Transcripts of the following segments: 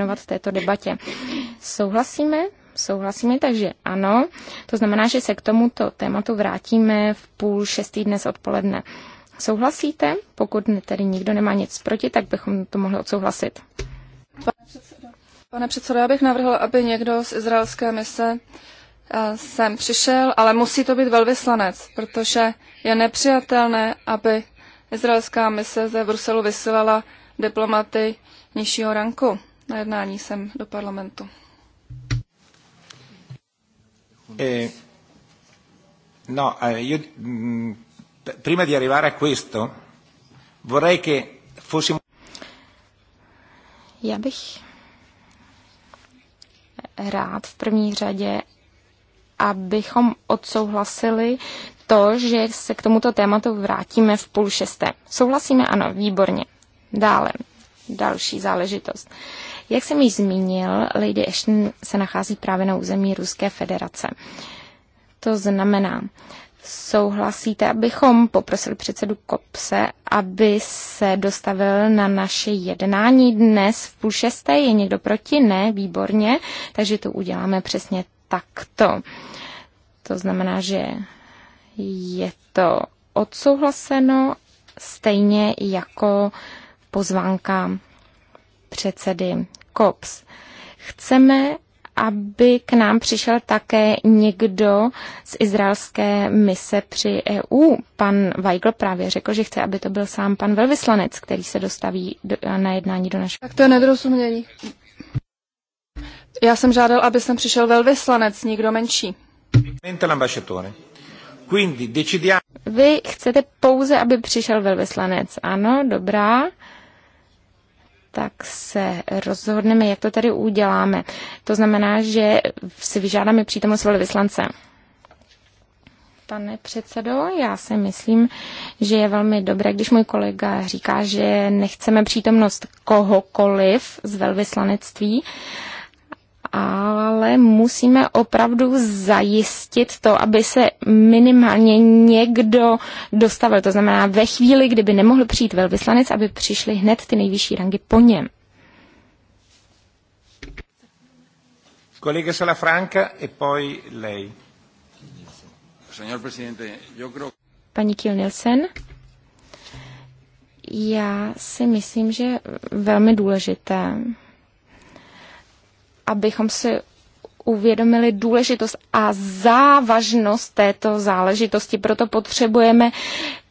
věnovat v této debatě. Souhlasíme? Souhlasíme, takže ano. To znamená, že se k tomuto tématu vrátíme v půl šestý dnes odpoledne. Souhlasíte? Pokud tedy nikdo nemá nic proti, tak bychom to mohli odsouhlasit. Pane předsedo, já bych navrhl, aby někdo z izraelské mise eh, sem přišel, ale musí to být velvyslanec, protože je nepřijatelné, aby izraelská mise ze Bruselu vysílala diplomaty nižšího ranku na jednání sem do parlamentu. Eh, no, eh, io, mh, mm, prima di arrivare a questo, vorrei che fossimo... Já bych rád v první řadě, abychom odsouhlasili to, že se k tomuto tématu vrátíme v půl šesté. Souhlasíme? Ano, výborně. Dále, další záležitost. Jak jsem již zmínil, Lady Ashton se nachází právě na území Ruské federace. To znamená, souhlasíte, abychom poprosili předsedu Kopse, aby se dostavil na naše jednání dnes v půl šesté. Je někdo proti? Ne, výborně. Takže to uděláme přesně takto. To znamená, že je to odsouhlaseno stejně jako pozvánka předsedy COPS. Chceme, aby k nám přišel také někdo z izraelské mise při EU. Pan Weigl právě řekl, že chce, aby to byl sám pan velvyslanec, který se dostaví do, na jednání do našeho. Tak to je nedorozumění. Já jsem žádal, aby sem přišel velvyslanec, nikdo menší. Vy chcete pouze, aby přišel velvyslanec. Ano, dobrá tak se rozhodneme, jak to tady uděláme. To znamená, že si vyžádáme přítomnost velvyslance. Pane předsedo, já si myslím, že je velmi dobré, když můj kolega říká, že nechceme přítomnost kohokoliv z velvyslanectví, ale musíme opravdu zajistit to, aby se minimálně někdo dostavil. To znamená, ve chvíli, kdyby nemohl přijít velvyslanec, aby přišli hned ty nejvyšší rangy po něm. Kolega Salafranca e poi lei. Paní Kiel Nielsen. Já si myslím, že velmi důležité abychom si uvědomili důležitost a závažnost této záležitosti. Proto potřebujeme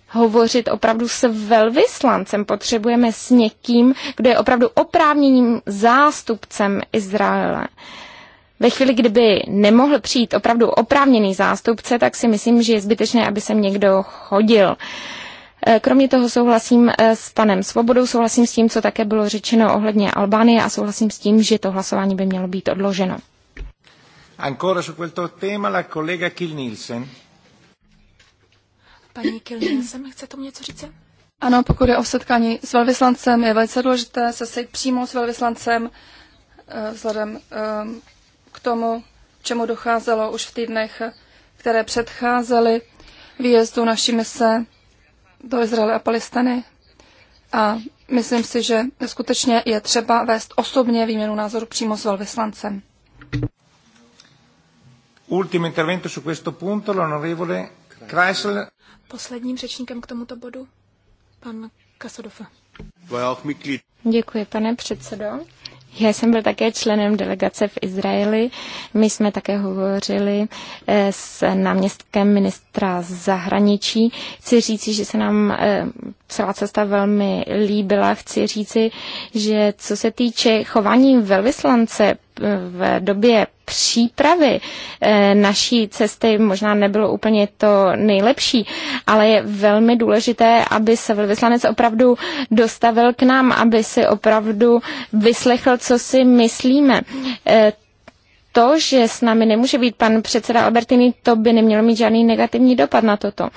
hovořit opravdu s velvyslancem, potřebujeme s někým, kdo je opravdu oprávněným zástupcem Izraele. Ve chvíli, kdyby nemohl přijít opravdu oprávněný zástupce, tak si myslím, že je zbytečné, aby sem někdo chodil. Uh, Eh, kromě toho souhlasím eh, s panem Svobodou, souhlasím s tím, co také bylo řečeno ohledně Albánie a souhlasím s tím, že to hlasování by mělo být odloženo. Ancora su quel tema la collega Kilnilsen? Paní Kilnielsen, chce tomu něco říct? Ano, pokud je o setkání s velvyslancem, je velice důležité se sejít přímo s velvyslancem eh, vzhledem ehm, k tomu, čemu docházelo už v týdnech, které předcházely výjezdu naší mise do Izraele a Palestiny. A myslím si, že skutečně je třeba vést osobně výměnu názoru přímo s velvyslancem. Ultimo intervento su questo punto, l'onorevole Kreisel. Posledním řečníkem k tomuto bodu, pan Kasodofa. Děkuji, pane předsedo. Já jsem byl také členem delegace v Izraeli. My jsme také hovořili eh, s náměstkem ministra zahraničí. Chci říci, že se nám eh, celá cesta velmi líbila. Chci říci, že co se týče chování velvyslance v době přípravy eh, naší cesty možná nebylo úplně to nejlepší, ale je velmi důležité, aby se vyslanec opravdu dostavil k nám, aby si opravdu vyslechl, co si myslíme eh, to, že s námi nemůže být pan předseda Albertini, to by nemělo mít žádný negativní dopad na toto.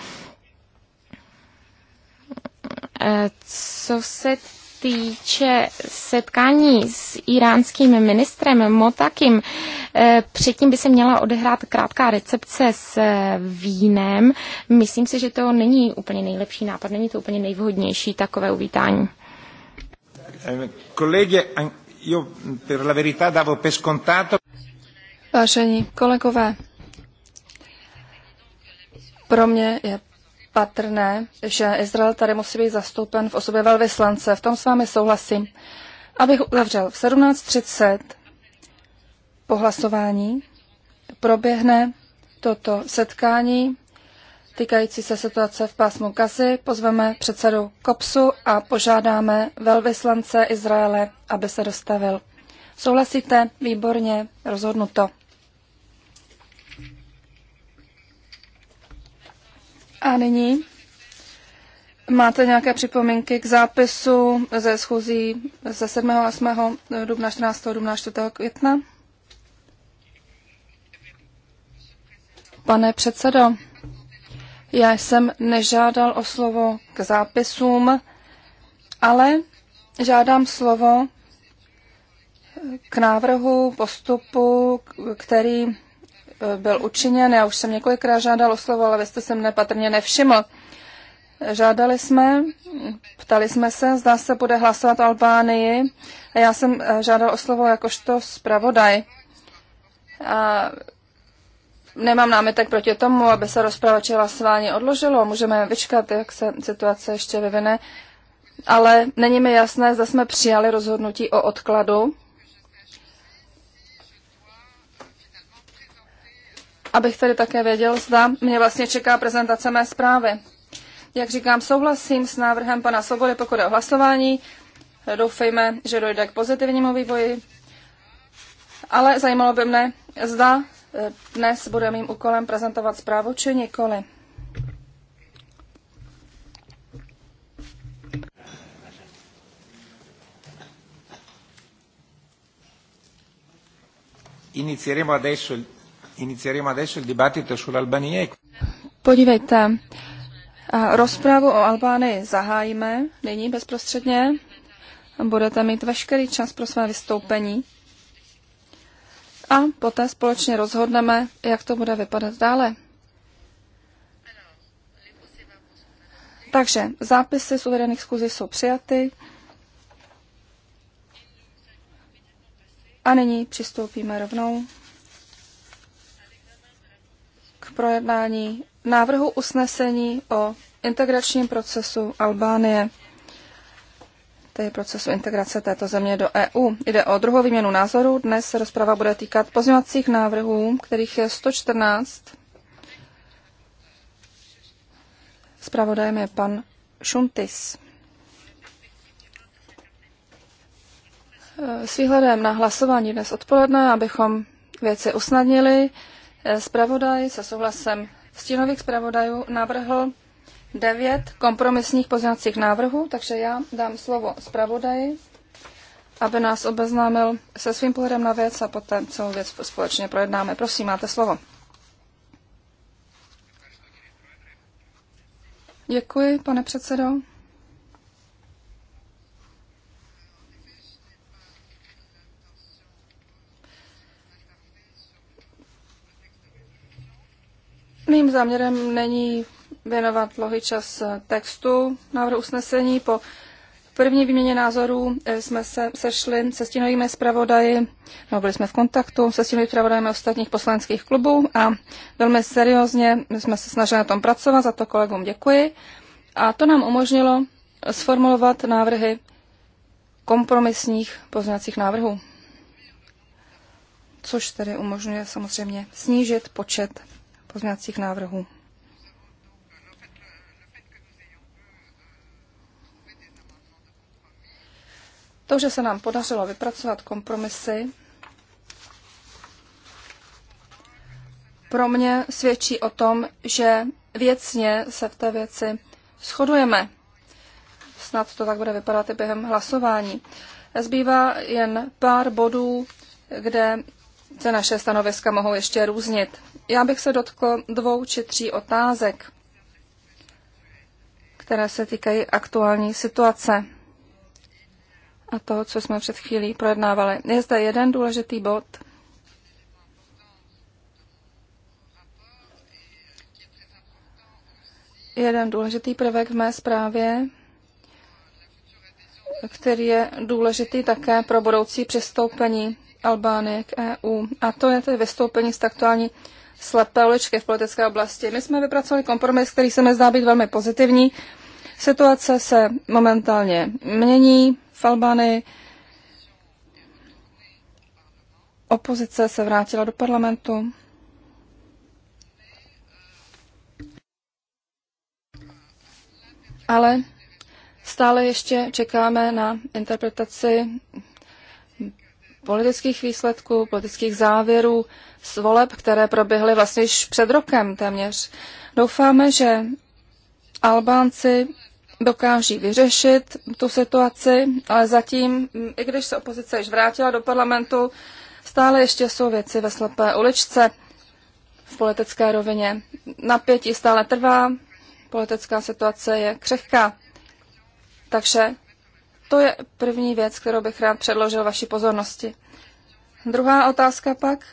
Eh, co se týče setkání s iránským ministrem Motakim, eh, předtím by se měla odehrát krátká recepce s eh, vínem. Myslím si, že to není úplně nejlepší nápad, není to úplně nejvhodnější takové uvítání. Eh, Kolegy, jo per la verità davo per scontato. Vážení kolegové, pro mě je patrné, že Izrael tady musí být zastoupen v osobě velvyslance. V tom s vámi souhlasím. Abych uzavřel, v 17.30 po hlasování proběhne toto setkání týkající se situace v pásmu Gazy. Pozveme předsedu KOPSu a požádáme velvyslance Izraele, aby se dostavil. Souhlasíte? Výborně, rozhodnuto. A nyní máte nějaké připomínky k zápisu ze schůzí ze 7. a 8. dubna 14. dubna 4. května? Pane předsedo, já jsem nežádal o slovo k zápisům, ale žádám slovo k návrhu postupu, který Eh, byl učiněn. Já už jsem několikrát žádal o slovo, ale vy jste se mne patrně nevšiml. Žádali jsme, ptali jsme se, zdá se bude hlasovat o Albánii. A já jsem eh, žádal o slovo jakožto zpravodaj. A nemám námitek proti tomu, aby se rozprava či hlasování odložilo. Můžeme vyčkat, jak se situace ještě vyvine. Ale není mi jasné, zda jsme přijali rozhodnutí o odkladu abych tedy také věděl, zda mě vlastně čeká prezentace mé zprávy. Jak říkám, souhlasím s návrhem pana Svobody, pokud je o hlasování. Doufejme, že dojde k pozitivnímu vývoji. Ale zajímalo by mne, zda eh, dnes bude mým úkolem prezentovat zprávu či nikoli. Inizieremo adesso il Inizieremo adesso il dibattito sull'Albania. E Podívejte, rozprávu o Albánii zahájíme nyní bezprostředně. Budete mít veškerý čas pro své vystoupení. A poté společně rozhodneme, jak to bude vypadat dále. Takže zápisy z uvedených schůzí jsou přijaty. A nyní přistoupíme rovnou k projednání návrhu usnesení o integračním procesu Albánie, tedy procesu integrace této země do EU. Jde o druhou výměnu názorů. Dnes se rozprava bude týkat pozměňovacích návrhů, kterých je 114. Spravodajem je pan Šuntis. S výhledem na hlasování dnes odpoledne, abychom věci usnadnili, Spravodaj se souhlasem stínových zpravodajů navrhl devět kompromisních pozměňovacích návrhů, takže já dám slovo zpravodaji, aby nás obeznámil se svým pohledem na věc a poté celou věc společně projednáme. Prosím, máte slovo. Děkuji, pane předsedo. Mým záměrem není věnovat dlouhý čas eh, textu návrhu usnesení. Po první výměně názorů eh, jsme se sešli se stínovými zpravodaji, no byli jsme v kontaktu se stínovými zpravodajem ostatních poslaneckých klubů a velmi seriózně jsme se snažili na tom pracovat, za to kolegům děkuji. A to nám umožnilo sformulovat návrhy kompromisních pozměňovacích návrhů, což tedy umožňuje samozřejmě snížit počet pozměňovacích návrhů. To, že se nám podařilo vypracovat kompromisy, pro mě svědčí o tom, že věcně se v té věci shodujeme. Snad to tak bude vypadat i během hlasování. Zbývá jen pár bodů, kde se naše stanoviska mohou ještě různit. Já bych se dotkl dvou či tří otázek, které se týkají aktuální situace a toho, co jsme před chvílí projednávali. Je zde jeden důležitý bod, jeden důležitý prvek v mé zprávě, který je důležitý také pro budoucí přistoupení Albánie k EU. A to je tedy vystoupení z taktuální slepé uličky v politické oblasti. My jsme vypracovali kompromis, který se mi zdá být velmi pozitivní. Situace se momentálně mění v Albánii. Opozice se vrátila do parlamentu. Ale stále ještě čekáme na interpretaci politických výsledků, politických závěrů z voleb, které proběhly vlastně již před rokem téměř. Doufáme, že Albánci dokáží vyřešit tu situaci, ale zatím, i když se opozice již vrátila do parlamentu, stále ještě jsou věci ve slepé uličce v politické rovině. Napětí stále trvá, politická situace je křehká. Takže to je první věc, kterou bych rád předložil vaší pozornosti. Druhá otázka pak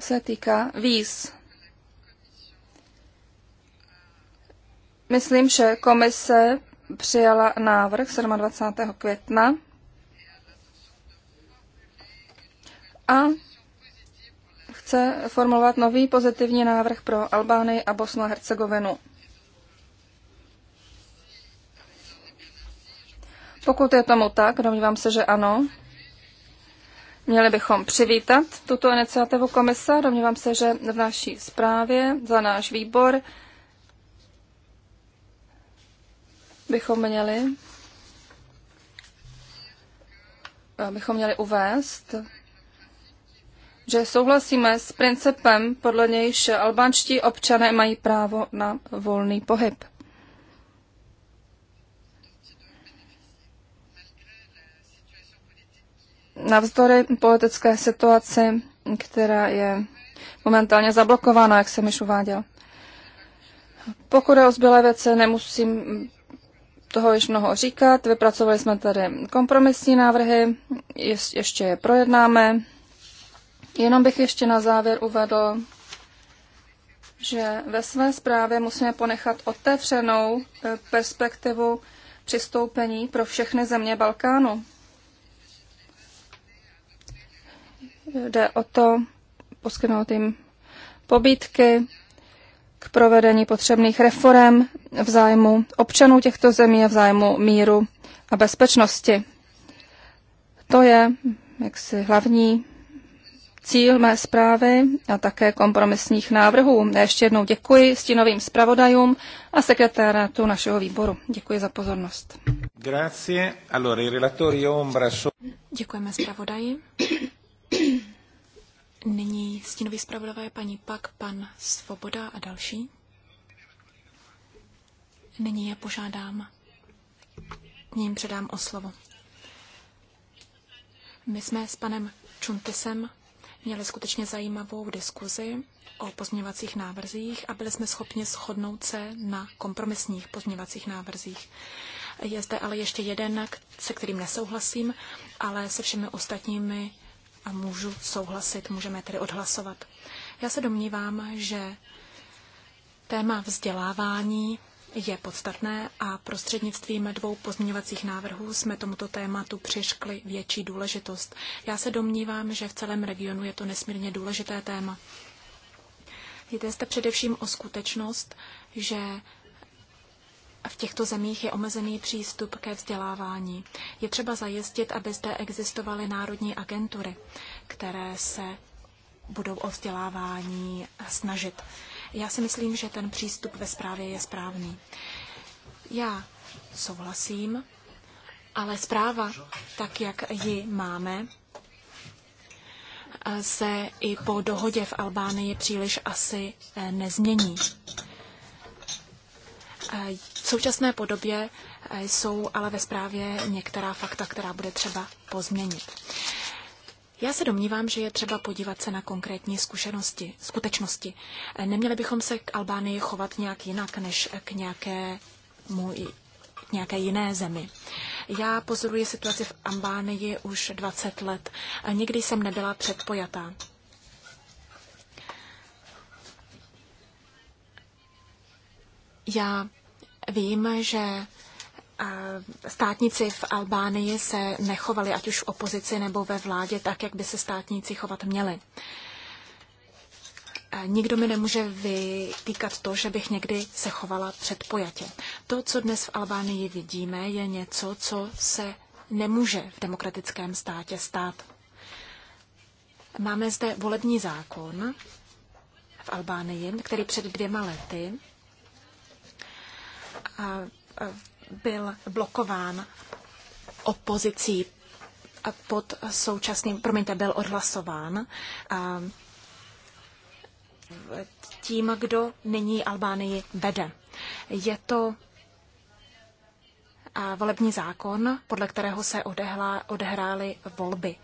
se týká víz. Myslím, že komise přijala návrh 27. května a chce formulovat nový pozitivní návrh pro Albánii a Bosnu a Hercegovinu. Pokud je tomu tak, domnívám se, že ano. Měli bychom přivítat tuto iniciativu komise. Domnívám se, že v naší zprávě za náš výbor bychom měli bychom měli uvést, že souhlasíme s principem, podle nějž albánští občané mají právo na volný pohyb. navzdory politické situaci, která je momentálně zablokována, jak jsem již uváděl. Pokud je o zbylé věci, nemusím toho již mnoho říkat. Vypracovali jsme tady kompromisní návrhy, ještě je projednáme. Jenom bych ještě na závěr uvedl, že ve své zprávě musíme ponechat otevřenou eh, perspektivu přistoupení pro všechny země Balkánu. Jde o to poskytnout jim pobytky k provedení potřebných reform v zájmu občanů těchto zemí a v zájmu míru a bezpečnosti. To je jaksi hlavní cíl mé zprávy a také kompromisních návrhů. Já ještě jednou děkuji stínovým zpravodajům a sekretárátu našeho výboru. Děkuji za pozornost. Grazie. Allora, i relatori ombra so... Děkujeme zpravodaji. Nyní stínový zpravodajové paní Pak, pan Svoboda a další. Nyní je požádám, ním předám o slovo. My jsme s panem Čuntisem měli skutečně zajímavou diskuzi o pozměňovacích návrzích a byli jsme schopni shodnout se na kompromisních pozměňovacích návrzích. Je zde ale ještě jeden, se kterým nesouhlasím, ale se všemi ostatními a můžu souhlasit, můžeme tedy odhlasovat. Já se domnívám, že téma vzdělávání je podstatné a prostřednictvím dvou pozměňovacích návrhů jsme tomuto tématu přiškli větší důležitost. Já se domnívám, že v celém regionu je to nesmírně důležité téma. Jde zde především o skutečnost, že v těchto zemích je omezený přístup ke vzdělávání. Je třeba zajistit, aby zde existovaly národní agentury, které se budou o vzdělávání snažit. Já si myslím, že ten přístup ve zprávě je správný. Já souhlasím, ale zpráva, tak jak ji máme, se i po dohodě v Albánii příliš asi nezmění. V současné podobě eh, jsou ale ve zprávě některá fakta, která bude třeba pozměnit. Já se domnívám, že je třeba podívat se na konkrétní zkušenosti, skutečnosti. Eh, neměli bychom se k Albánii chovat nějak jinak, než k nějakému k nějaké jiné zemi. Já pozoruji situaci v Albánii už 20 let. Eh, nikdy jsem nebyla předpojatá. Já Vím, že státníci v Albánii se nechovali ať už v opozici nebo ve vládě tak, jak by se státníci chovat měli. Nikdo mi nemůže vytýkat to, že bych někdy se chovala předpojatě. To, co dnes v Albánii vidíme, je něco, co se nemůže v demokratickém státě stát. Máme zde volební zákon v Albánii, který před dvěma lety byl blokován opozicí pod současným, promiňte, byl odhlasován tím, kdo nyní Albánii vede. Je to volební zákon, podle kterého se odehla, odehrály volby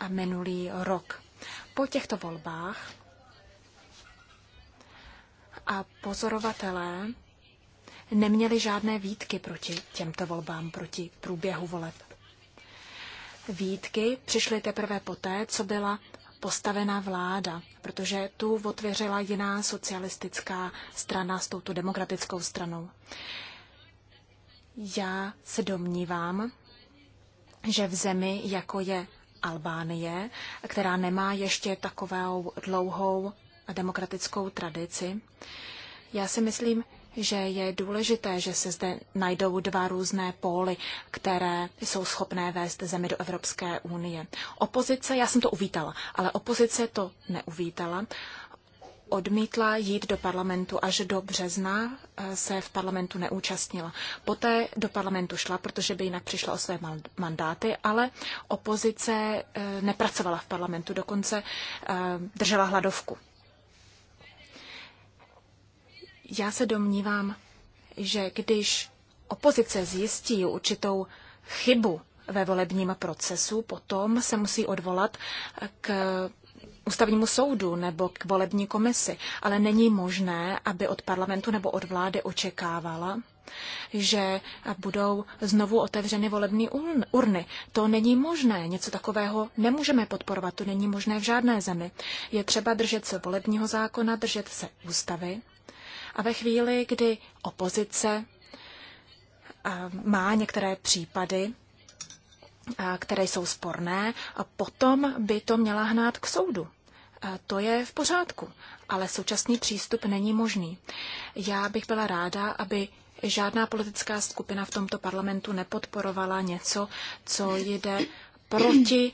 a minulý rok. Po těchto volbách a pozorovatelé neměli žádné výtky proti těmto volbám, proti průběhu voleb. Výtky přišly teprve poté, co byla postavená vláda, protože tu otvěřila jiná socialistická strana s touto demokratickou stranou. Já se domnívám, že v zemi, jako je Albánie, která nemá ještě takovou dlouhou demokratickou tradici, já si myslím, že je důležité, že se zde najdou dva různé póly, které jsou schopné vést zemi do Evropské unie. Opozice, já jsem to uvítala, ale opozice to neuvítala. Odmítla jít do parlamentu až do března, eh, se v parlamentu neúčastnila. Poté do parlamentu šla, protože by jinak přišla o své mandáty, ale opozice eh, nepracovala v parlamentu, dokonce eh, držela hladovku. Já se domnívám, že když opozice zjistí určitou chybu ve volebním procesu, potom se musí odvolat k ústavnímu soudu nebo k volební komisi, ale není možné, aby od parlamentu nebo od vlády očekávala, že budou znovu otevřeny volební urny. To není možné, něco takového nemůžeme podporovat, to není možné v žádné zemi. Je třeba držet se volebního zákona, držet se ústavy a ve chvíli, kdy opozice eh, má některé případy, eh, které jsou sporné, a potom by to měla hnát k soudu. Eh, to je v pořádku, ale současný přístup není možný. Já bych byla ráda, aby žádná politická skupina v tomto parlamentu nepodporovala něco, co jde proti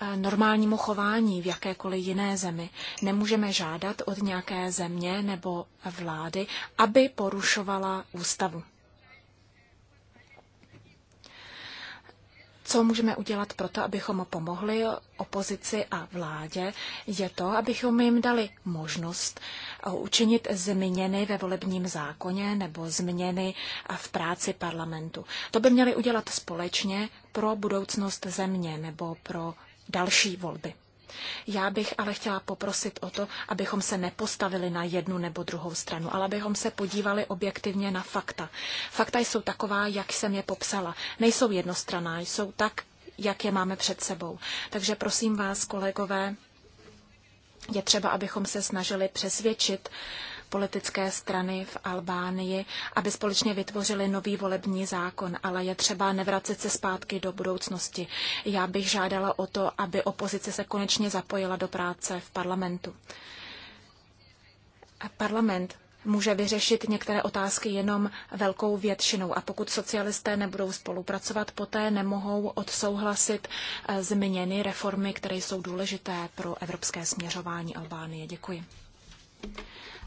Eh, normálnímu chování v jakékoliv jiné zemi. Nemůžeme žádat od nějaké země nebo vlády, aby porušovala ústavu. Co můžeme udělat pro to, abychom pomohli opozici a vládě, je to, abychom jim dali možnost eh, učinit změny ve volebním zákoně nebo změny eh, v práci parlamentu. To by měli udělat společně pro budoucnost země nebo pro další volby. Já bych ale chtěla poprosit o to, abychom se nepostavili na jednu nebo druhou stranu, ale abychom se podívali objektivně na fakta. Fakta jsou taková, jak jsem je popsala. Nejsou jednostraná, jsou tak, jak je máme před sebou. Takže prosím vás, kolegové, je třeba, abychom se snažili přesvědčit uh, politické strany v Albánii, aby společně vytvořili nový volební zákon, ale je třeba nevracet se zpátky do budoucnosti. Já bych žádala o to, aby opozice se konečně zapojila do práce v parlamentu. A parlament může vyřešit některé otázky jenom velkou většinou. A pokud socialisté nebudou spolupracovat, poté nemohou odsouhlasit eh, změny, reformy, které jsou důležité pro evropské směřování Albánie. Děkuji.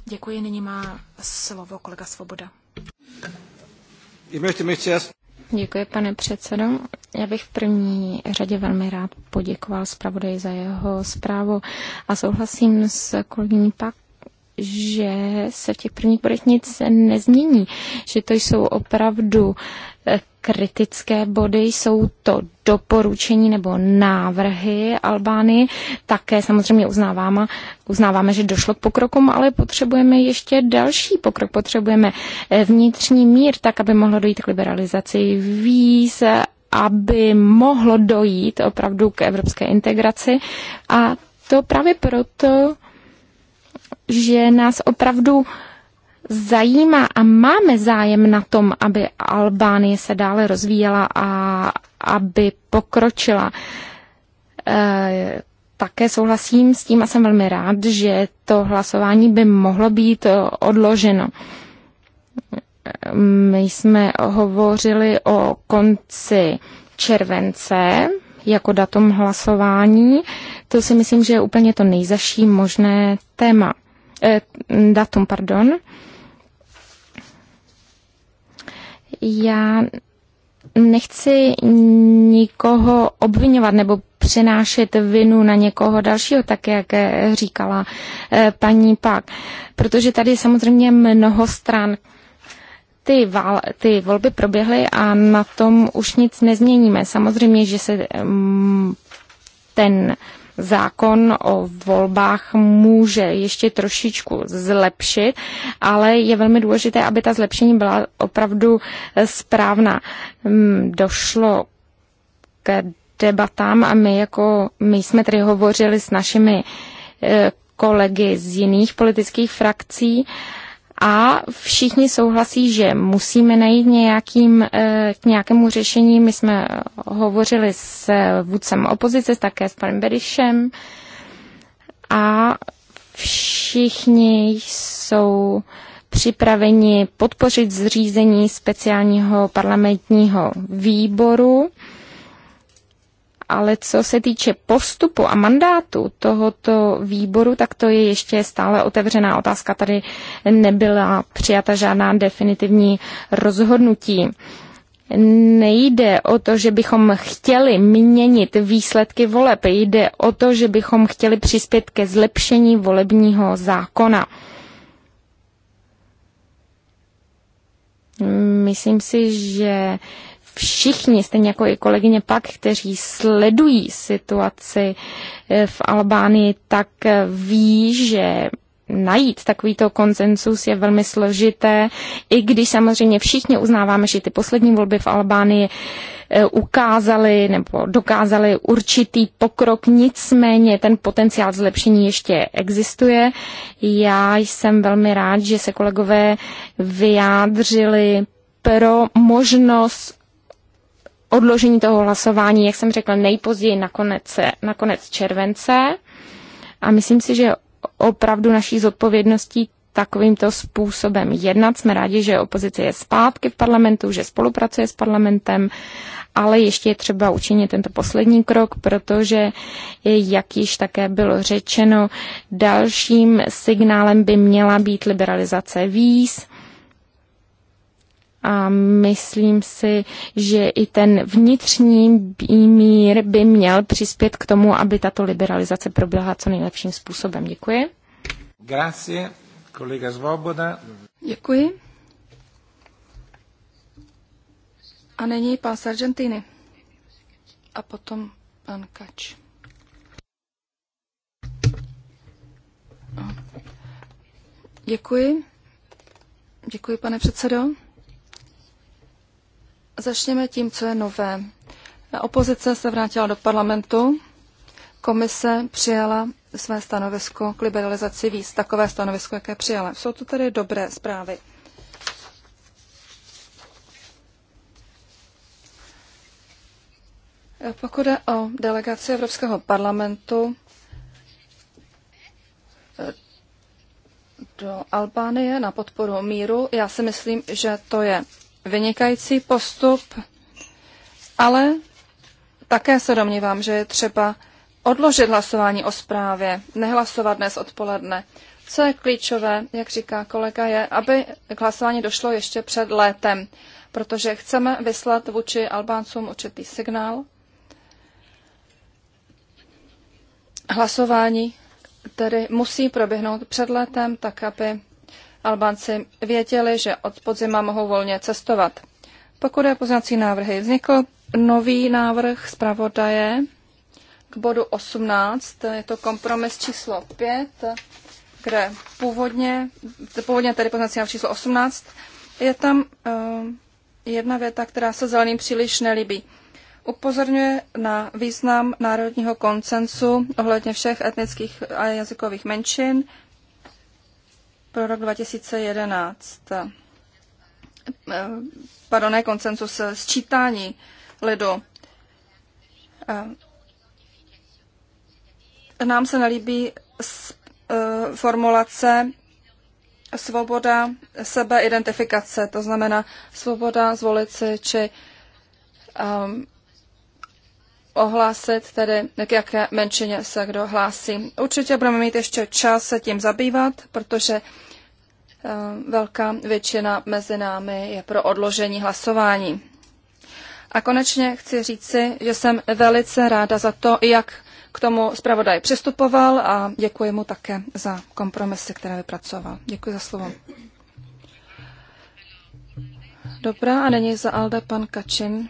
Děkuji, nyní má slovo kolega Svoboda. Děkuji, pane předsedo. Já bych v první řadě velmi rád poděkoval zpravodaji za jeho zprávu a souhlasím s kolegyní Pak, že se v těch prvních bodech nic nezmění, že to jsou opravdu kritické body, jsou to doporučení nebo návrhy Albány. Také samozřejmě uznáváme, uznáváme, že došlo k pokrokům, ale potřebujeme ještě další pokrok. Potřebujeme eh, vnitřní mír, tak aby mohlo dojít k liberalizaci víz, aby mohlo dojít opravdu k evropské integraci. A to právě proto, že nás opravdu zajímá a máme zájem na tom, aby Albánie se dále rozvíjela a aby pokročila. E, také souhlasím s tím a jsem velmi rád, že to hlasování by mohlo být eh, odloženo. My jsme hovořili o konci července jako datum hlasování. To si myslím, že je úplně to nejzaší možné téma. E, datum, pardon. E, já nechci nikoho obvinovat nebo přenášet vinu na někoho dalšího, tak jak říkala eh, paní Pak, protože tady je samozřejmě mnoho stran. Ty, val, ty volby proběhly a na tom už nic nezměníme. Samozřejmě, že se mm, ten zákon o volbách může ještě trošičku zlepšit, ale je velmi důležité, aby ta zlepšení byla opravdu správná. Mm, došlo k debatám a my, jako, my jsme tedy hovořili s našimi eh, kolegy z jiných politických frakcí a všichni souhlasí, že musíme najít nějakým, eh, k nějakému řešení. My jsme hovořili s vůdcem opozice, také s panem Berišem a všichni jsou připraveni podpořit zřízení speciálního parlamentního výboru ale co se týče postupu a mandátu tohoto výboru, tak to je ještě stále otevřená otázka. Tady nebyla přijata žádná definitivní rozhodnutí. Nejde o to, že bychom chtěli měnit výsledky voleb, jde o to, že bychom chtěli přispět ke zlepšení volebního zákona. Myslím si, že všichni, stejně jako i kolegyně Pak, kteří sledují situaci eh, v Albánii, tak eh, ví, že najít takovýto konsensus je velmi složité, i když samozřejmě všichni uznáváme, že ty poslední volby v Albánii eh, ukázali nebo dokázali určitý pokrok, nicméně ten potenciál zlepšení ještě existuje. Já jsem velmi rád, že se kolegové vyjádřili pro možnost odložení toho hlasování, jak jsem řekla, nejpozději na konec, na konec července. A myslím si, že opravdu naší zodpovědností takovýmto způsobem jednat. Jsme rádi, že opozice je zpátky v parlamentu, že spolupracuje s parlamentem, ale ještě je třeba učinit tento poslední krok, protože, jak již také bylo řečeno, dalším signálem by měla být liberalizace víz, a myslím si, že i ten vnitřní mír by měl přispět k tomu, aby tato liberalizace proběhla co nejlepším způsobem. Děkuji. Grazie, kolega Svoboda. Děkuji. A nyní pan Sargentini. A potom pan Kač. Děkuji. Děkuji, pane předsedo. Začněme tím, co je nové. Opozice se vrátila do parlamentu, komise přijala své stanovisko k liberalizaci víz, takové stanovisko, jaké přijala. Jsou to tedy dobré zprávy. Pokud je o delegaci Evropského parlamentu eh, do Albánie na podporu míru, já si myslím, že to je vynikající postup, ale také se domnívám, že je třeba odložit hlasování o zprávě, nehlasovat dnes odpoledne. Co je klíčové, jak říká kolega, je, aby k hlasování došlo ještě před létem, protože chceme vyslat vůči Albáncům určitý signál. Hlasování tedy musí proběhnout před létem, tak aby Albánci věděli, že od podzima mohou volně cestovat. Pokud je poznací návrhy, vznikl nový návrh zpravodaje k bodu 18. Je to kompromis číslo 5, kde původně, původně tady poznací návrh číslo 18, je tam uh, jedna věta, která se zeleným příliš nelíbí. Upozorňuje na význam národního koncensu ohledně všech etnických a jazykových menšin, pro rok 2011. Pardon, ne koncensus, sčítání lidu. Nám se nelíbí eh, formulace svoboda sebeidentifikace, to znamená svoboda zvolit si, či um, ohlásit, tedy k jaké menšině se kdo hlásí. Určitě budeme mít ještě čas se tím zabývat, protože eh, velká většina mezi námi je pro odložení hlasování. A konečně chci říci, že jsem velice ráda za to, jak k tomu zpravodaj přistupoval a děkuji mu také za kompromisy, které vypracoval. Děkuji za slovo. Dobrá, a není za Alde pan Kačin.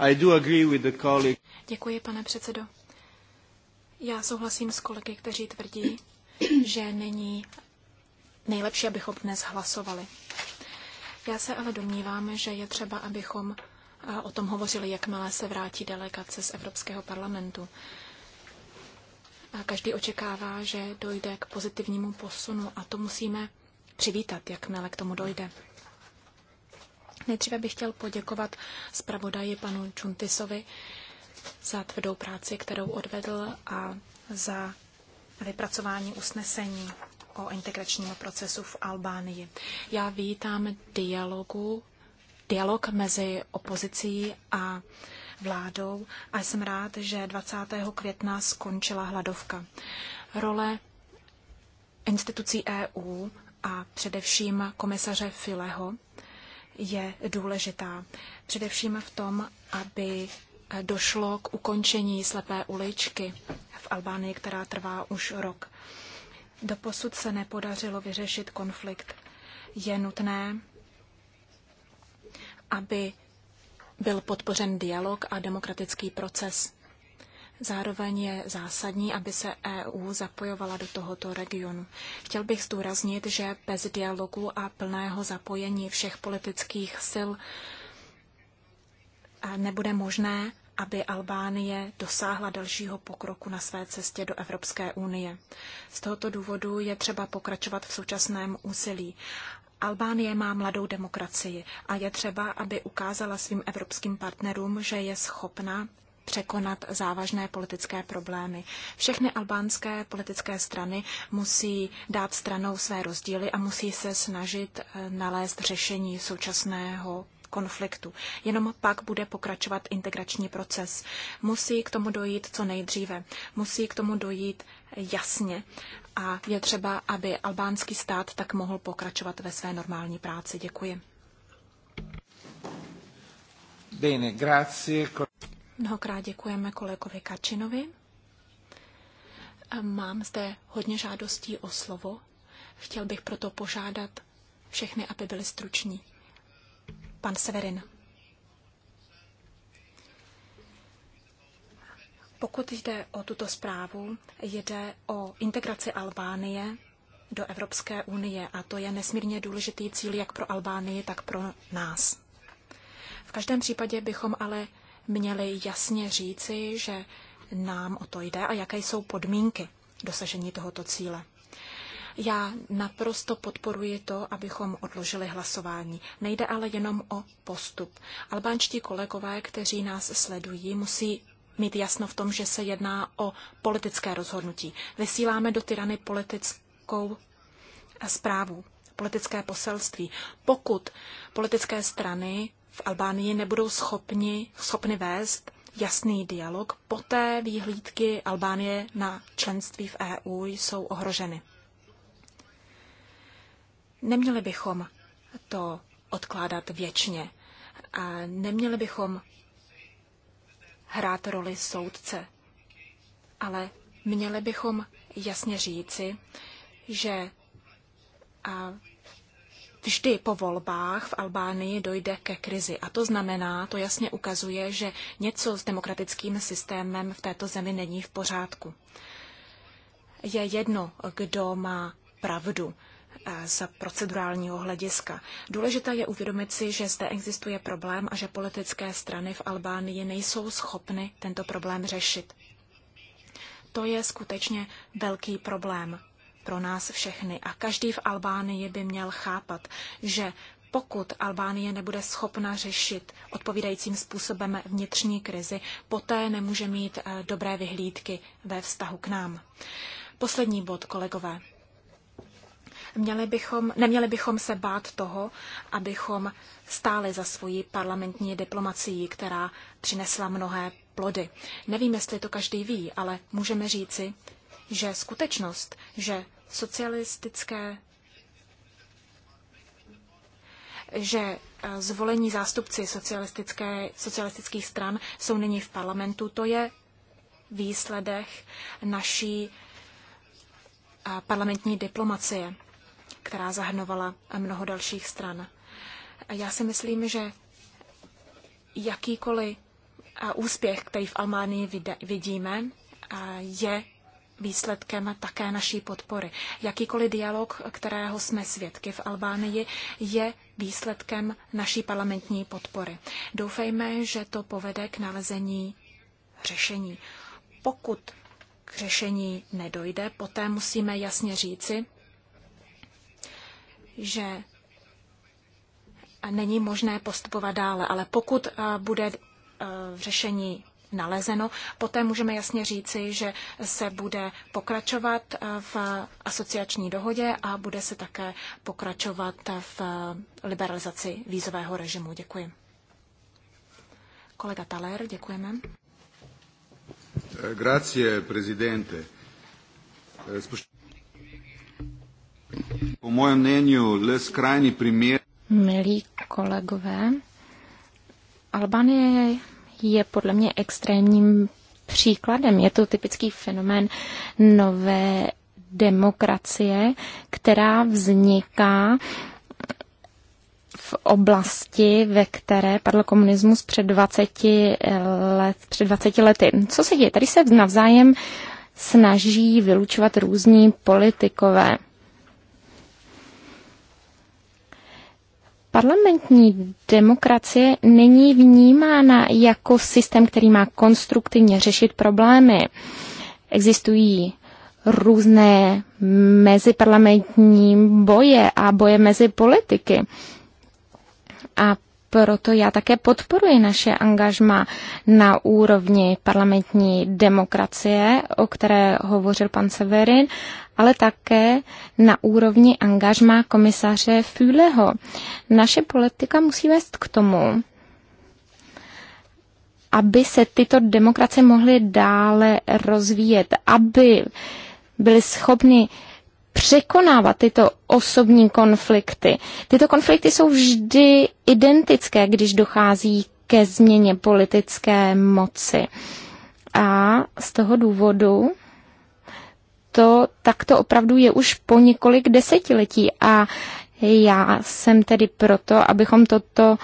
I do agree with the colleague. Děkuji, pane předsedo. Já souhlasím s kolegy, kteří tvrdí, že není nejlepší, abychom dnes hlasovali. Já se ale domnívám, že je třeba, abychom eh, o tom hovořili, jakmile se vrátí delegace z Evropského parlamentu. A každý očekává, že dojde k pozitivnímu posunu a to musíme přivítat, jakmile k tomu dojde. Nejdříve bych chtěl poděkovat zpravodaji panu Čuntisovi za tvrdou práci, kterou odvedl a za vypracování usnesení o integračním procesu v Albánii. Já vítám dialogu, dialog mezi opozicí a vládou a jsem rád, že 20. května skončila hladovka. Role institucí EU a především komisaře Fileho je důležitá. Především v tom, aby eh, došlo k ukončení slepé uličky v Albánii, která trvá už rok. Doposud se nepodařilo vyřešit konflikt. Je nutné, aby byl podpořen dialog a demokratický proces. Zároveň je zásadní, aby se EU zapojovala do tohoto regionu. Chtěl bych zdůraznit, že bez dialogu a plného zapojení všech politických sil eh, nebude možné, aby Albánie dosáhla dalšího pokroku na své cestě do Evropské unie. Z tohoto důvodu je třeba pokračovat v současném úsilí. Albánie má mladou demokracii a je třeba, aby ukázala svým evropským partnerům, že je schopna překonat závažné politické problémy. Všechny albánské politické strany musí dát stranou své rozdíly a musí se snažit eh, nalézt řešení současného konfliktu. Jenom pak bude pokračovat integrační proces. Musí k tomu dojít co nejdříve. Musí k tomu dojít jasně. A je třeba, aby albánský stát tak mohl pokračovat ve své normální práci. Děkuji. Bene, grazie. Mnohokrát děkujeme kolegovi Kačinovi. Mám zde hodně žádostí o slovo. Chtěl bych proto požádat všechny, aby byli struční. Pan Severin. Pokud jde o tuto zprávu, jde o integraci Albánie do Evropské unie a to je nesmírně důležitý cíl jak pro Albánii, tak pro nás. V každém případě bychom ale měli jasně říci, že nám o to jde a jaké jsou podmínky dosažení tohoto cíle. Já naprosto podporuji to, abychom odložili hlasování. Nejde ale jenom o postup. Albánští kolegové, kteří nás sledují, musí mít jasno v tom, že se jedná o politické rozhodnutí. Vysíláme do tyrany politickou zprávu, politické poselství. Pokud politické strany v Albánii nebudou schopni, schopni vést jasný dialog, poté výhlídky Albánie na členství v EU jsou ohroženy. Neměli bychom to odkládat věčně. A neměli bychom hrát roli soudce, ale měli bychom jasně říci, že a Vždy po volbách v Albánii dojde ke krizi a to znamená, to jasně ukazuje, že něco s demokratickým systémem v této zemi není v pořádku. Je jedno, kdo má pravdu eh, z procedurálního hlediska. Důležité je uvědomit si, že zde existuje problém a že politické strany v Albánii nejsou schopny tento problém řešit. To je skutečně velký problém pro nás všechny. A každý v Albánii by měl chápat, že pokud Albánie nebude schopna řešit odpovídajícím způsobem vnitřní krizi, poté nemůže mít eh, dobré vyhlídky ve vztahu k nám. Poslední bod, kolegové. Měli bychom, neměli bychom se bát toho, abychom stáli za svoji parlamentní diplomacií, která přinesla mnohé plody. Nevím, jestli to každý ví, ale můžeme říci, že skutečnost, že socialistické že eh, zvolení zástupci socialistické, socialistických stran jsou nyní v parlamentu, to je výsledek naší eh, parlamentní diplomacie, která zahrnovala mnoho dalších stran. Já si myslím, že jakýkoliv eh, úspěch, který v Almánii vidíme, je výsledkem také naší podpory. Jakýkoliv dialog, kterého jsme svědky v Albánii, je výsledkem naší parlamentní podpory. Doufejme, že to povede k nalezení řešení. Pokud k řešení nedojde, poté musíme jasně říci, že není možné postupovat dále, ale pokud eh, bude eh, řešení nalezeno. Poté můžeme jasně říci, že se bude pokračovat v asociační dohodě a bude se také pokračovat v liberalizaci vízového režimu. Děkuji. Kolega Taler, děkujeme. Grazie, prezidente. Po mojem mnenju le skrajni primer. Milí kolegové, Albánie je je podle mě extrémním příkladem. Je to typický fenomén nové demokracie, která vzniká v oblasti, ve které padl komunismus před 20, let, před 20 lety. Co se děje? Tady se navzájem snaží vylučovat různí politikové. Parlamentní demokracie není vnímána jako systém, který má konstruktivně řešit problémy. Existují různé meziparlamentní boje a boje mezi politiky. A proto já také podporuji naše angažma na úrovni parlamentní demokracie, o které hovořil pan Severin, ale také na úrovni angažma komisaře Füleho. Naše politika musí vést k tomu, aby se tyto demokracie mohly dále rozvíjet, aby byly schopny překonávat tyto osobní konflikty. Tyto konflikty jsou vždy identické, když dochází ke změně politické moci. A z toho důvodu to takto opravdu je už po několik desetiletí a já jsem tedy proto, abychom toto uh,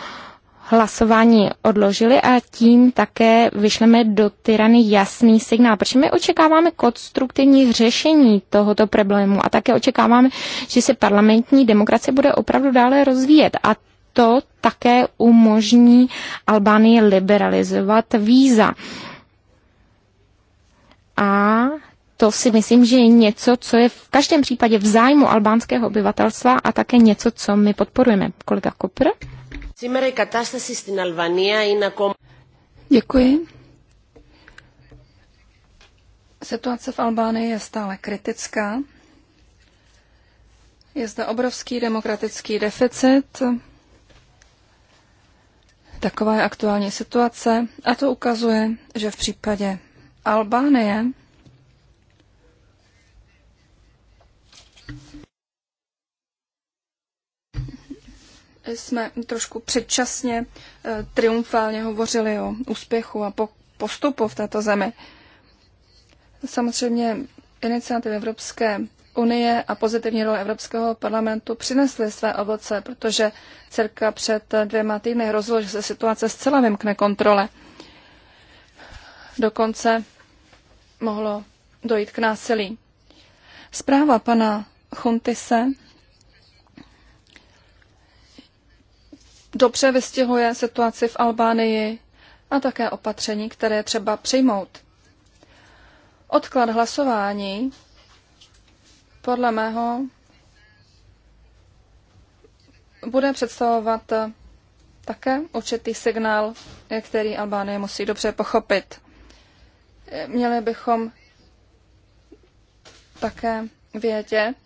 hlasování odložili a tím také vyšleme do tyrany jasný signál, protože my očekáváme konstruktivní řešení tohoto problému a také očekáváme, že se parlamentní demokracie bude opravdu dále rozvíjet a to také umožní Albánii liberalizovat víza. A to si myslím, že je něco, co je v každém případě v zájmu albánského obyvatelstva a také něco, co my podporujeme. Kolega Kopr? Σήμερα η κατάσταση στην Αλβανία είναι ακόμα... Děkuji. Situace v Albánii je stále kritická. Je zde obrovský demokratický deficit. Taková je aktuální situace a to ukazuje, že v případě Albánie jsme trošku předčasně eh, triumfálně hovořili o úspěchu a postupu v této zemi. Samozřejmě iniciativy Evropské unie a pozitivní role Evropského parlamentu přinesly své ovoce, protože cirka před dvěma týdny hrozilo, že se situace zcela vymkne kontrole. Dokonce mohlo dojít k násilí. Zpráva pana Chuntise dobře vystihuje situaci v Albánii a také opatření, které třeba přijmout. Odklad hlasování podle mého bude představovat také určitý signál, který Albánie musí dobře pochopit. Měli bychom také vědět,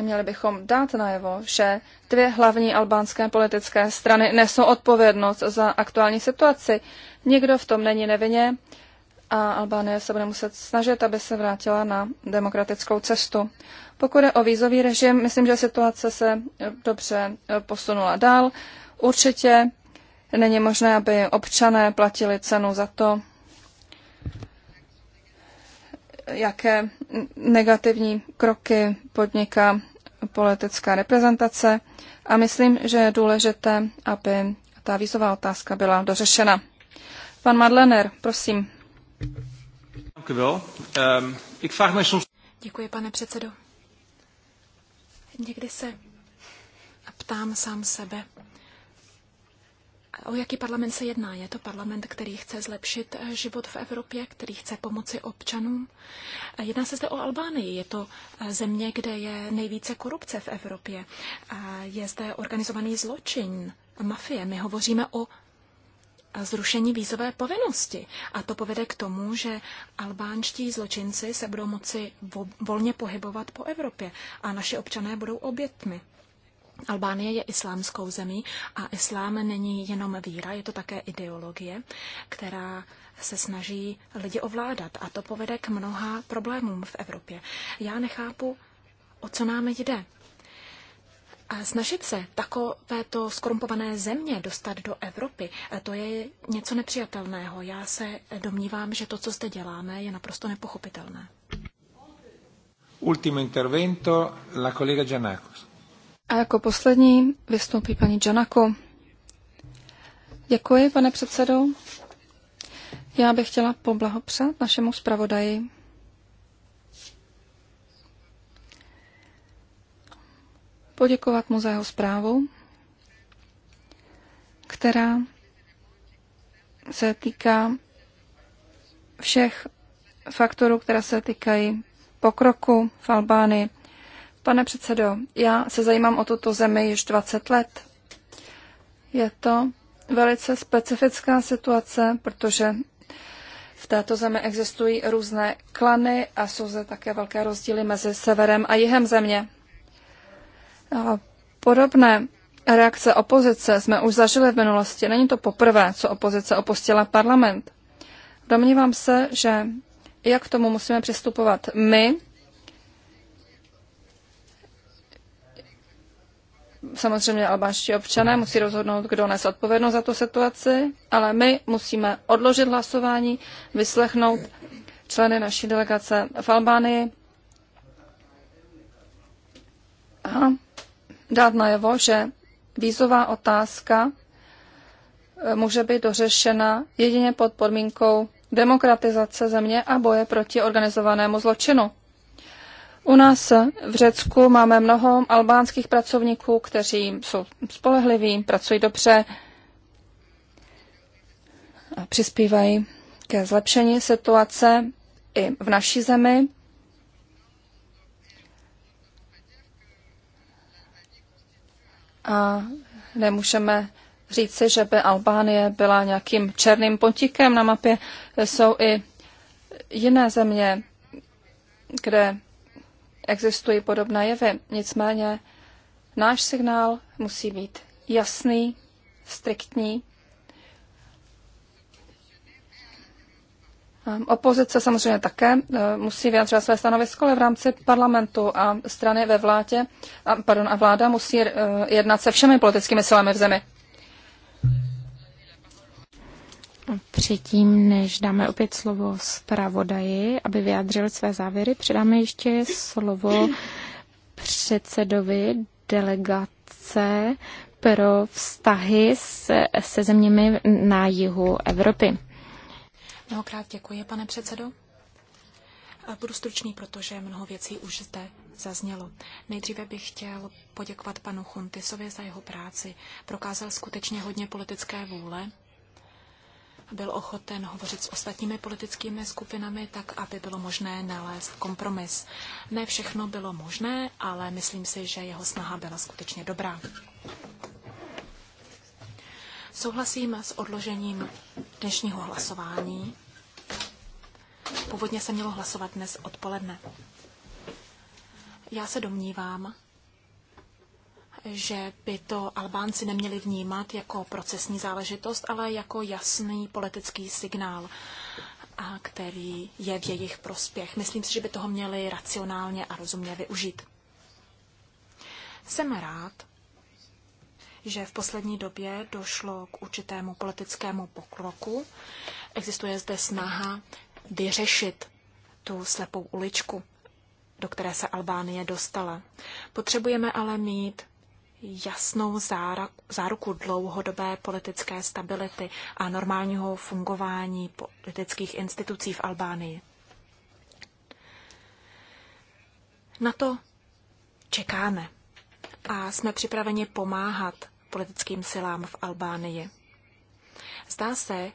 Měli bychom dát najevo, že dvě hlavní albánské politické strany nesou odpovědnost za aktuální situaci. Nikdo v tom není nevině a Albánie se bude muset snažit, aby se vrátila na demokratickou cestu. Pokud je o vízový režim, myslím, že situace se dobře posunula dál. Určitě není možné, aby občané platili cenu za to, jaké negativní kroky podniká politická reprezentace a myslím, že je důležité, aby ta výzová otázka byla dořešena. Pan Madlener, prosím. Ehm, Děkuji, pane předsedo. Někdy se ptám sám sebe, o jaký parlament se jedná. Je to parlament, který chce zlepšit eh, život v Evropě, který chce pomoci občanům. Eh, jedná se zde o Albánii. Je to eh, země, kde je nejvíce korupce v Evropě. Je zde organizovaný zločin, mafie. My hovoříme o zrušení vízové povinnosti. A to povede k tomu, že albánští zločinci se budou moci volně pohybovat po Evropě a naši občané budou obětmi. Albánie je islámskou zemí a islám není jenom víra, je to také ideologie, která se snaží lidi ovládat a to povede k mnoha problémům v Evropě. Já nechápu, o co nám jde. A snažit se takovéto skorumpované země dostat do Evropy, to je něco nepřijatelného. Já se domnívám, že to, co zde děláme, je naprosto nepochopitelné. Ultimo intervento, la collega Giannakos. A jako poslední vystoupí paní Janako. Děkuji, pane předsedo. Já bych chtěla poblahopřát našemu zpravodaji. Poděkovat mu za jeho zprávu, která se týká všech faktorů, které se týkají pokroku v Albánii Pane předsedo, já se zajímám o tuto zemi již 20 let. Je to velice specifická situace, protože v této zemi existují různé klany a jsou zde také velké rozdíly mezi severem a jihem země. Podobné reakce opozice jsme už zažili v minulosti. Není to poprvé, co opozice opustila parlament. Domnívám se, že jak k tomu musíme přistupovat my, samozřejmě albánští občané musí rozhodnout, kdo nese odpovědnost za tu situaci, ale my musíme odložit hlasování, vyslechnout členy naší delegace v Albánii a dát najevo, že vízová otázka eh, může být dořešena jedině pod podmínkou demokratizace země a boje proti organizovanému zločinu. U nás v Řecku máme mnoho albánských pracovníků, kteří jsou spolehliví, pracují dobře a přispívají ke zlepšení situace i v naší zemi. A nemůžeme říci, že by Albánie byla nějakým černým potíkem na mapě. Jsou i jiné země, kde existují podobné jevy. Nicméně náš signál musí být jasný, striktní. Ehm, opozice samozřejmě také eh, musí vyjadřovat své stanovisko, ale v rámci parlamentu a strany ve vládě, a, pardon, a vláda musí eh, jednat se všemi politickými silami v zemi. Předtím, než dáme opět slovo zpravodaji, aby vyjádřil své závěry, předáme ještě slovo předsedovi delegace pro vztahy se, se zeměmi na jihu Evropy. Mnohokrát děkuji, pane předsedo. Budu stručný, protože mnoho věcí už zde zaznělo. Nejdříve bych chtěl poděkovat panu Chuntisovi za jeho práci. Prokázal skutečně hodně politické vůle byl ochoten hovořit s ostatními politickými skupinami tak, aby bylo možné nalézt kompromis. Ne všechno bylo možné, ale myslím si, že jeho snaha byla skutečně dobrá. Souhlasím s odložením dnešního hlasování. Původně se mělo hlasovat dnes odpoledne. Já se domnívám, že by to Albánci neměli vnímat jako procesní záležitost, ale jako jasný politický signál, a který je v jejich prospěch. Myslím si, že by toho měli racionálně a rozumně využít. Jsem rád, že v poslední době došlo k určitému politickému pokroku. Existuje zde snaha vyřešit tu slepou uličku, do které se Albánie dostala. Potřebujeme ale mít jasnou záruku dlouhodobé politické stability a normálního fungování politických institucí v Albánii. Na to čekáme a jsme připraveni pomáhat politickým silám v Albánii. Zdá se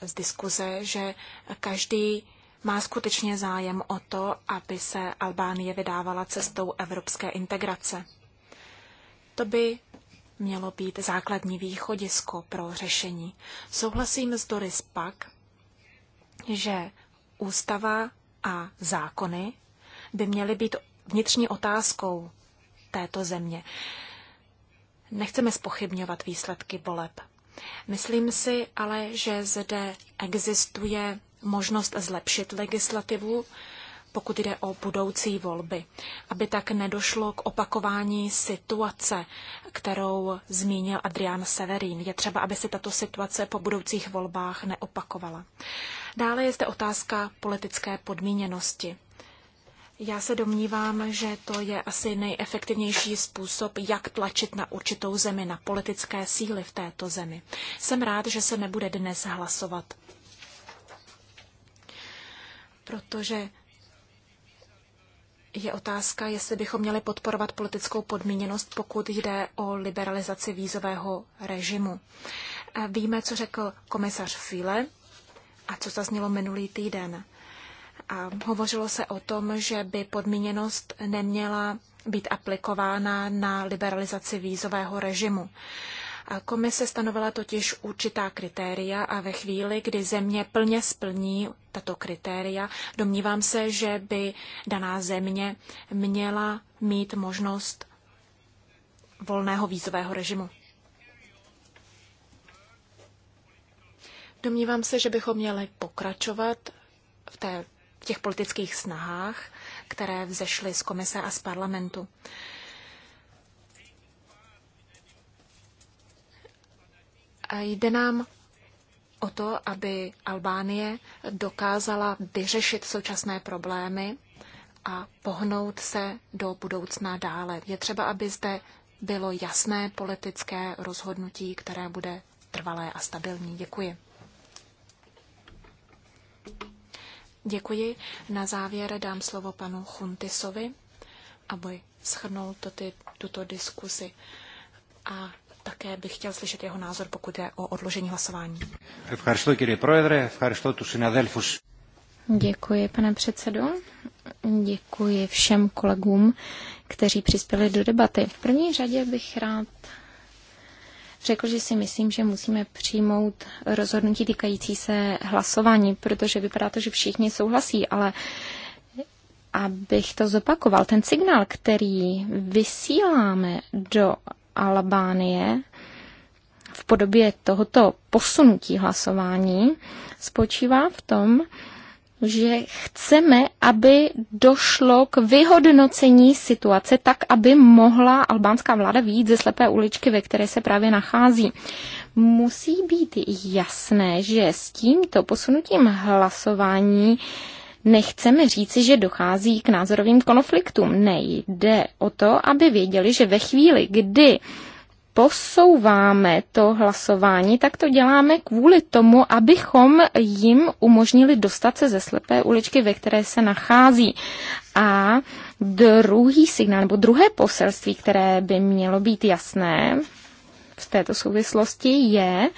z diskuze, že každý má skutečně zájem o to, aby se Albánie vydávala cestou evropské integrace. To by mělo být základní východisko pro řešení. Souhlasím s Doris Pak, že ústava a zákony by měly být vnitřní otázkou této země. Nechceme spochybňovat výsledky voleb. Myslím si ale, že zde existuje možnost zlepšit legislativu, pokud jde o budoucí volby, aby tak nedošlo k opakování situace, kterou zmínil Adrián Severín. Je třeba, aby se tato situace po budoucích volbách neopakovala. Dále je zde otázka politické podmíněnosti. Já se domnívám, že to je asi nejefektivnější způsob, jak tlačit na určitou zemi, na politické síly v této zemi. Jsem rád, že se nebude dnes hlasovat. Protože je otázka, jestli bychom měli podporovat politickou podmíněnost, pokud jde o liberalizaci vízového režimu. Víme, co řekl komisař File a co zaznělo minulý týden. A hovořilo se o tom, že by podmíněnost neměla být aplikována na liberalizaci vízového režimu. Komise stanovila totiž určitá kritéria a ve chvíli, kdy země plně splní tato kritéria, domnívám se, že by daná země měla mít možnost volného vízového režimu. Domnívám se, že bychom měli pokračovat v, té, v těch politických snahách, které vzešly z komise a z parlamentu. Jde nám o to, aby Albánie dokázala vyřešit současné problémy a pohnout se do budoucna dále. Je třeba, aby zde bylo jasné politické rozhodnutí, které bude trvalé a stabilní. Děkuji. Děkuji. Na závěr dám slovo panu Chuntisovi, aby schrnul tuto diskusi. A také bych chtěl slyšet jeho názor, pokud je o odložení hlasování. Děkuji, pane předsedo. Děkuji všem kolegům, kteří přispěli do debaty. V první řadě bych rád řekl, že si myslím, že musíme přijmout rozhodnutí týkající se hlasování, protože vypadá to, že všichni souhlasí, ale abych to zopakoval, ten signál, který vysíláme do Albánie v podobě tohoto posunutí hlasování spočívá v tom, že chceme, aby došlo k vyhodnocení situace tak, aby mohla albánská vláda výjít ze slepé uličky, ve které se právě nachází. Musí být jasné, že s tímto posunutím hlasování nechceme říci, že dochází k názorovým konfliktům. Nejde o to, aby věděli, že ve chvíli, kdy posouváme to hlasování, tak to děláme kvůli tomu, abychom jim umožnili dostat se ze slepé uličky, ve které se nachází. A druhý signál, nebo druhé poselství, které by mělo být jasné v této souvislosti, je,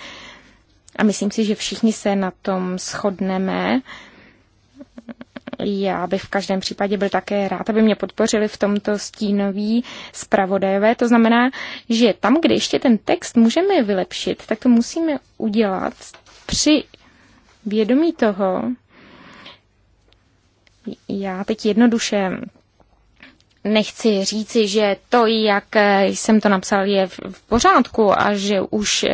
a myslím si, že všichni se na tom shodneme, já bych v každém případě byl také rád, aby mě podpořili v tomto stínový zpravodajové. To znamená, že tam, kde ještě ten text můžeme vylepšit, tak to musíme udělat při vědomí toho, já teď jednoduše nechci říci, že to, jak jsem to napsal, je v pořádku a že už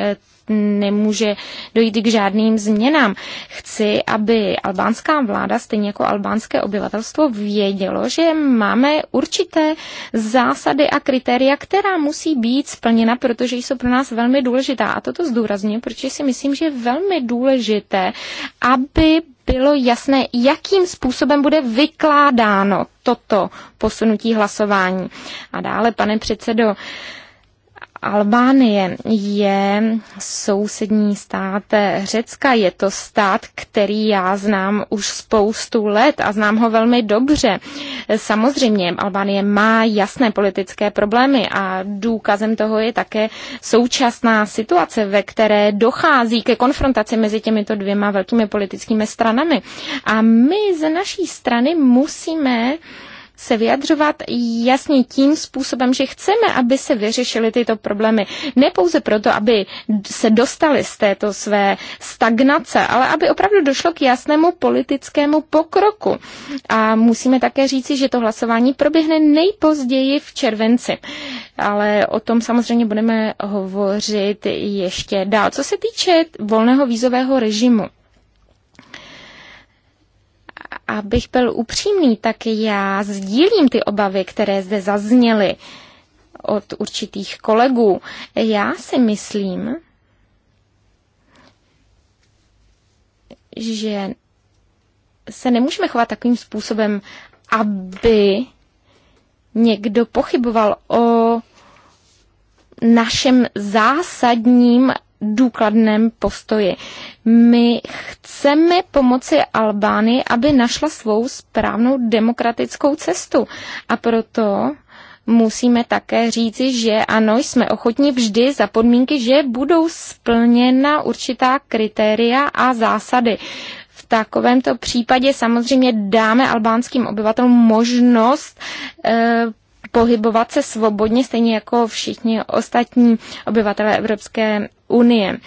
nemůže dojít k žádným změnám. Chci, aby albánská vláda, stejně jako albánské obyvatelstvo, vědělo, že máme určité zásady a kritéria, která musí být splněna, protože jsou pro nás velmi důležitá. A toto zdůrazňuji, protože si myslím, že je velmi důležité, aby bylo jasné, jakým způsobem bude vykládáno toto posunutí hlasování. A dále, pane předsedo, Albánie je sousední stát Řecka. Je to stát, který já znám už spoustu let a znám ho velmi dobře. Samozřejmě Albánie má jasné politické problémy a důkazem toho je také současná situace, ve které dochází ke konfrontaci mezi těmito dvěma velkými politickými stranami. A my ze naší strany musíme uh, se vyjadřovat jasně tím způsobem, že chceme, aby se vyřešily tyto problémy. Ne pouze proto, aby se dostali z této své stagnace, ale aby opravdu došlo k jasnému politickému pokroku. A musíme také říci, že to hlasování proběhne nejpozději v červenci. Ale o tom samozřejmě budeme hovořit ještě dál. Co se týče volného vízového režimu, abych byl upřímný, tak já sdílím ty obavy, které zde zazněly od určitých kolegů. Já si myslím, že se nemůžeme chovat takovým způsobem, aby někdo pochyboval o našem zásadním důkladném postoji. My chceme pomoci Albánii, aby našla svou správnou demokratickou cestu. A proto musíme také říci, že ano, jsme ochotní vždy za podmínky, že budou splněna určitá kritéria a zásady. V takovémto případě samozřejmě dáme albánským obyvatelům možnost e, pohybovat se svobodně, stejně jako všichni ostatní obyvatelé Evropské unie.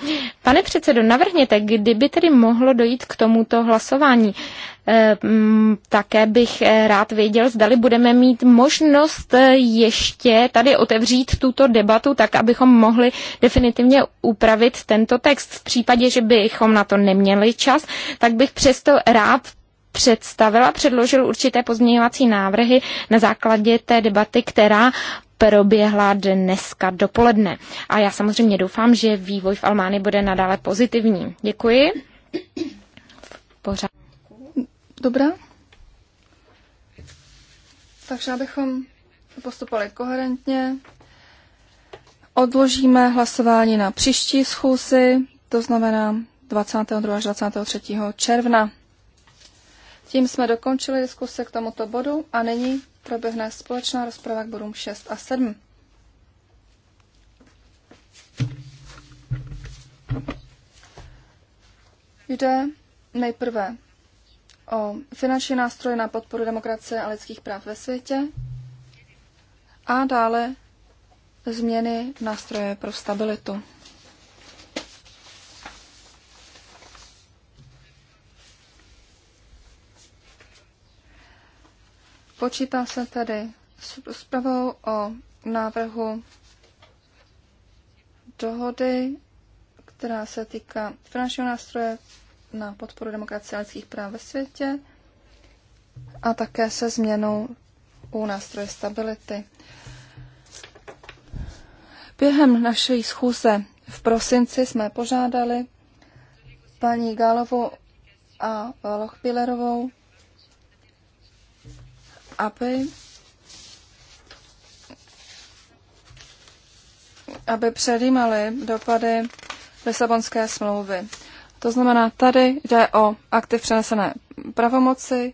Pane předsedo, navrhněte, kdyby tedy mohlo dojít k tomuto hlasování. Eh, mm, také bych eh, rád věděl, zdali budeme mít možnost eh, ještě tady otevřít tuto debatu tak, abychom mohli definitivně upravit tento text. V případě, že bychom na to neměli čas, tak bych přesto rád představil a předložil určité pozměňovací návrhy na základě té debaty, která proběhla dneska dopoledne. A já samozřejmě doufám, že vývoj v Almány bude nadále pozitivní. Děkuji. V pořádku. Dobrá. Takže abychom postupovali koherentně, odložíme hlasování na příští schůzi, to znamená 22. až 23. června. Tím jsme dokončili diskuse k tomuto bodu a nyní proběhne společná rozprava k bodům 6 a 7. Jde nejprve o finanční nástroje na podporu demokracie a lidských práv ve světě a dále změny nástroje pro stabilitu. Počítá se tedy s rozpravou o návrhu dohody, která se týká finančního nástroje na podporu demokracie a lidských práv ve světě a také se změnou u nástroje stability. Během naší schůze v prosinci jsme požádali paní Gálovou a Lochpilerovou, aby aby předjímali dopady Lisabonské smlouvy. To znamená, tady jde o aktiv přenesené pravomoci.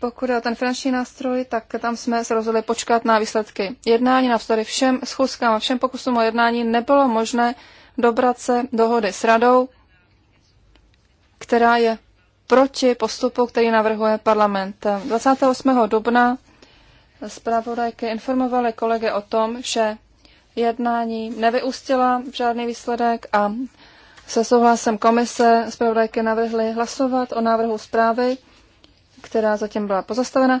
Pokud je o ten finanční nástroj, tak tam jsme se rozhodli počkat na výsledky jednání. Navzdory všem schůzkám a všem pokusům o jednání nebylo možné dobrat se dohody s radou, která je proti postupu, který navrhuje parlament. 28. dubna zpravodajky informovaly kolegy o tom, že jednání nevyústila žádný výsledek a se souhlasem komise zpravodajky navrhly hlasovat o návrhu zprávy, která zatím byla pozastavena.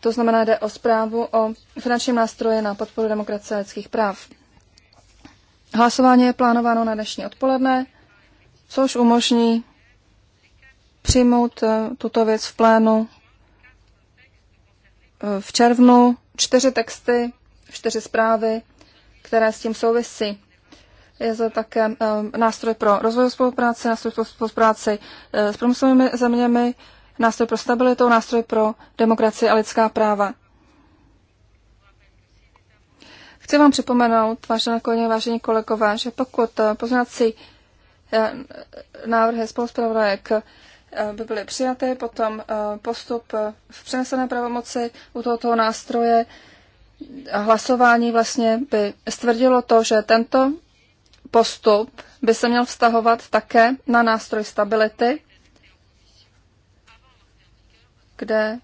To znamená, jde o zprávu o finančním nástroji na podporu demokracie a lidských práv. Hlasování je plánováno na dnešní odpoledne, což umožní přijmout eh, tuto věc v plénu eh, v červnu. Čtyři texty, čtyři zprávy, které s tím souvisí. Je to také eh, nástroj pro rozvoj spolupráce, nástroj pro spolupráci s průmyslovými zeměmi, nástroj pro stabilitu, nástroj pro demokracii a lidská práva. Chci vám připomenout, vážené kolegyně, vážení kolegové, že pokud poznací návrhy spolupráce. Eh, by byly přijaty, potom eh, postup v přenesené pravomoci u tohoto nástroje hlasování vlastně by stvrdilo to, že tento postup by se měl vztahovat také na nástroj stability, kde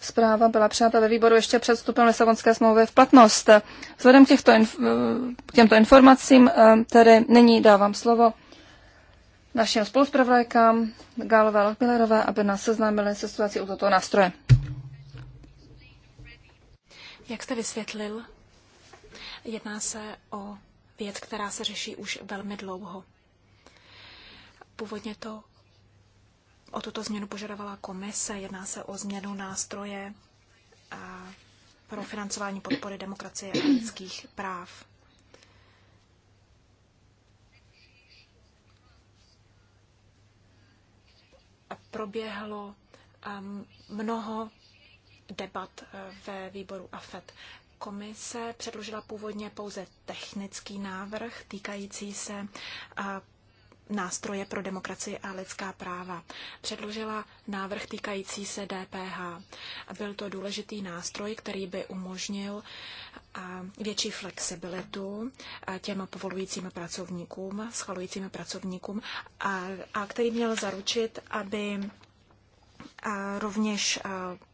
zpráva byla přijata ve výboru ještě před vstupem Lisabonské smlouvy v platnost. Vzhledem k těchto inf- eh, k těmto informacím tedy nyní dávám slovo našim spoluspravodajkám Gálové a Lachmillerové, aby nás seznámili se situací u tohoto nástroje. Jak jste vysvětlil, jedná se o věc, která se řeší už velmi dlouho. Původně to o tuto změnu požadovala komise, jedná se o změnu nástroje pro financování podpory demokracie a lidských práv. proběhlo um, mnoho debat eh, ve výboru AFET. Komise předložila původně pouze technický návrh týkající se eh, nástroje pro demokracii a lidská práva. Předložila návrh týkající se DPH. Byl to důležitý nástroj, který by umožnil větší flexibilitu těm povolujícím pracovníkům, schvalujícím pracovníkům a, a který měl zaručit, aby rovněž e,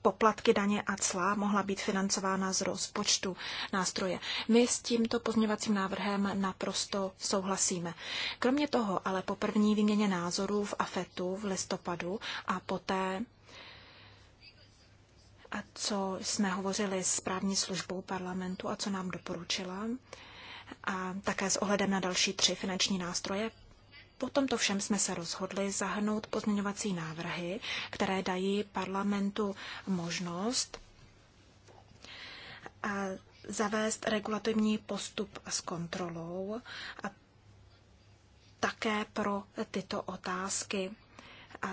poplatky, daně a cla mohla být financována z rozpočtu nástroje. My s tímto pozměňovacím návrhem naprosto souhlasíme. Kromě toho, ale po první výměně názorů v AFETu v listopadu a poté a co jsme hovořili s právní službou parlamentu a co nám doporučila, a také s ohledem na další tři finanční nástroje, po tomto všem jsme se rozhodli zahrnout pozměňovací návrhy, které dají parlamentu možnost a zavést regulativní postup s kontrolou a také pro tyto otázky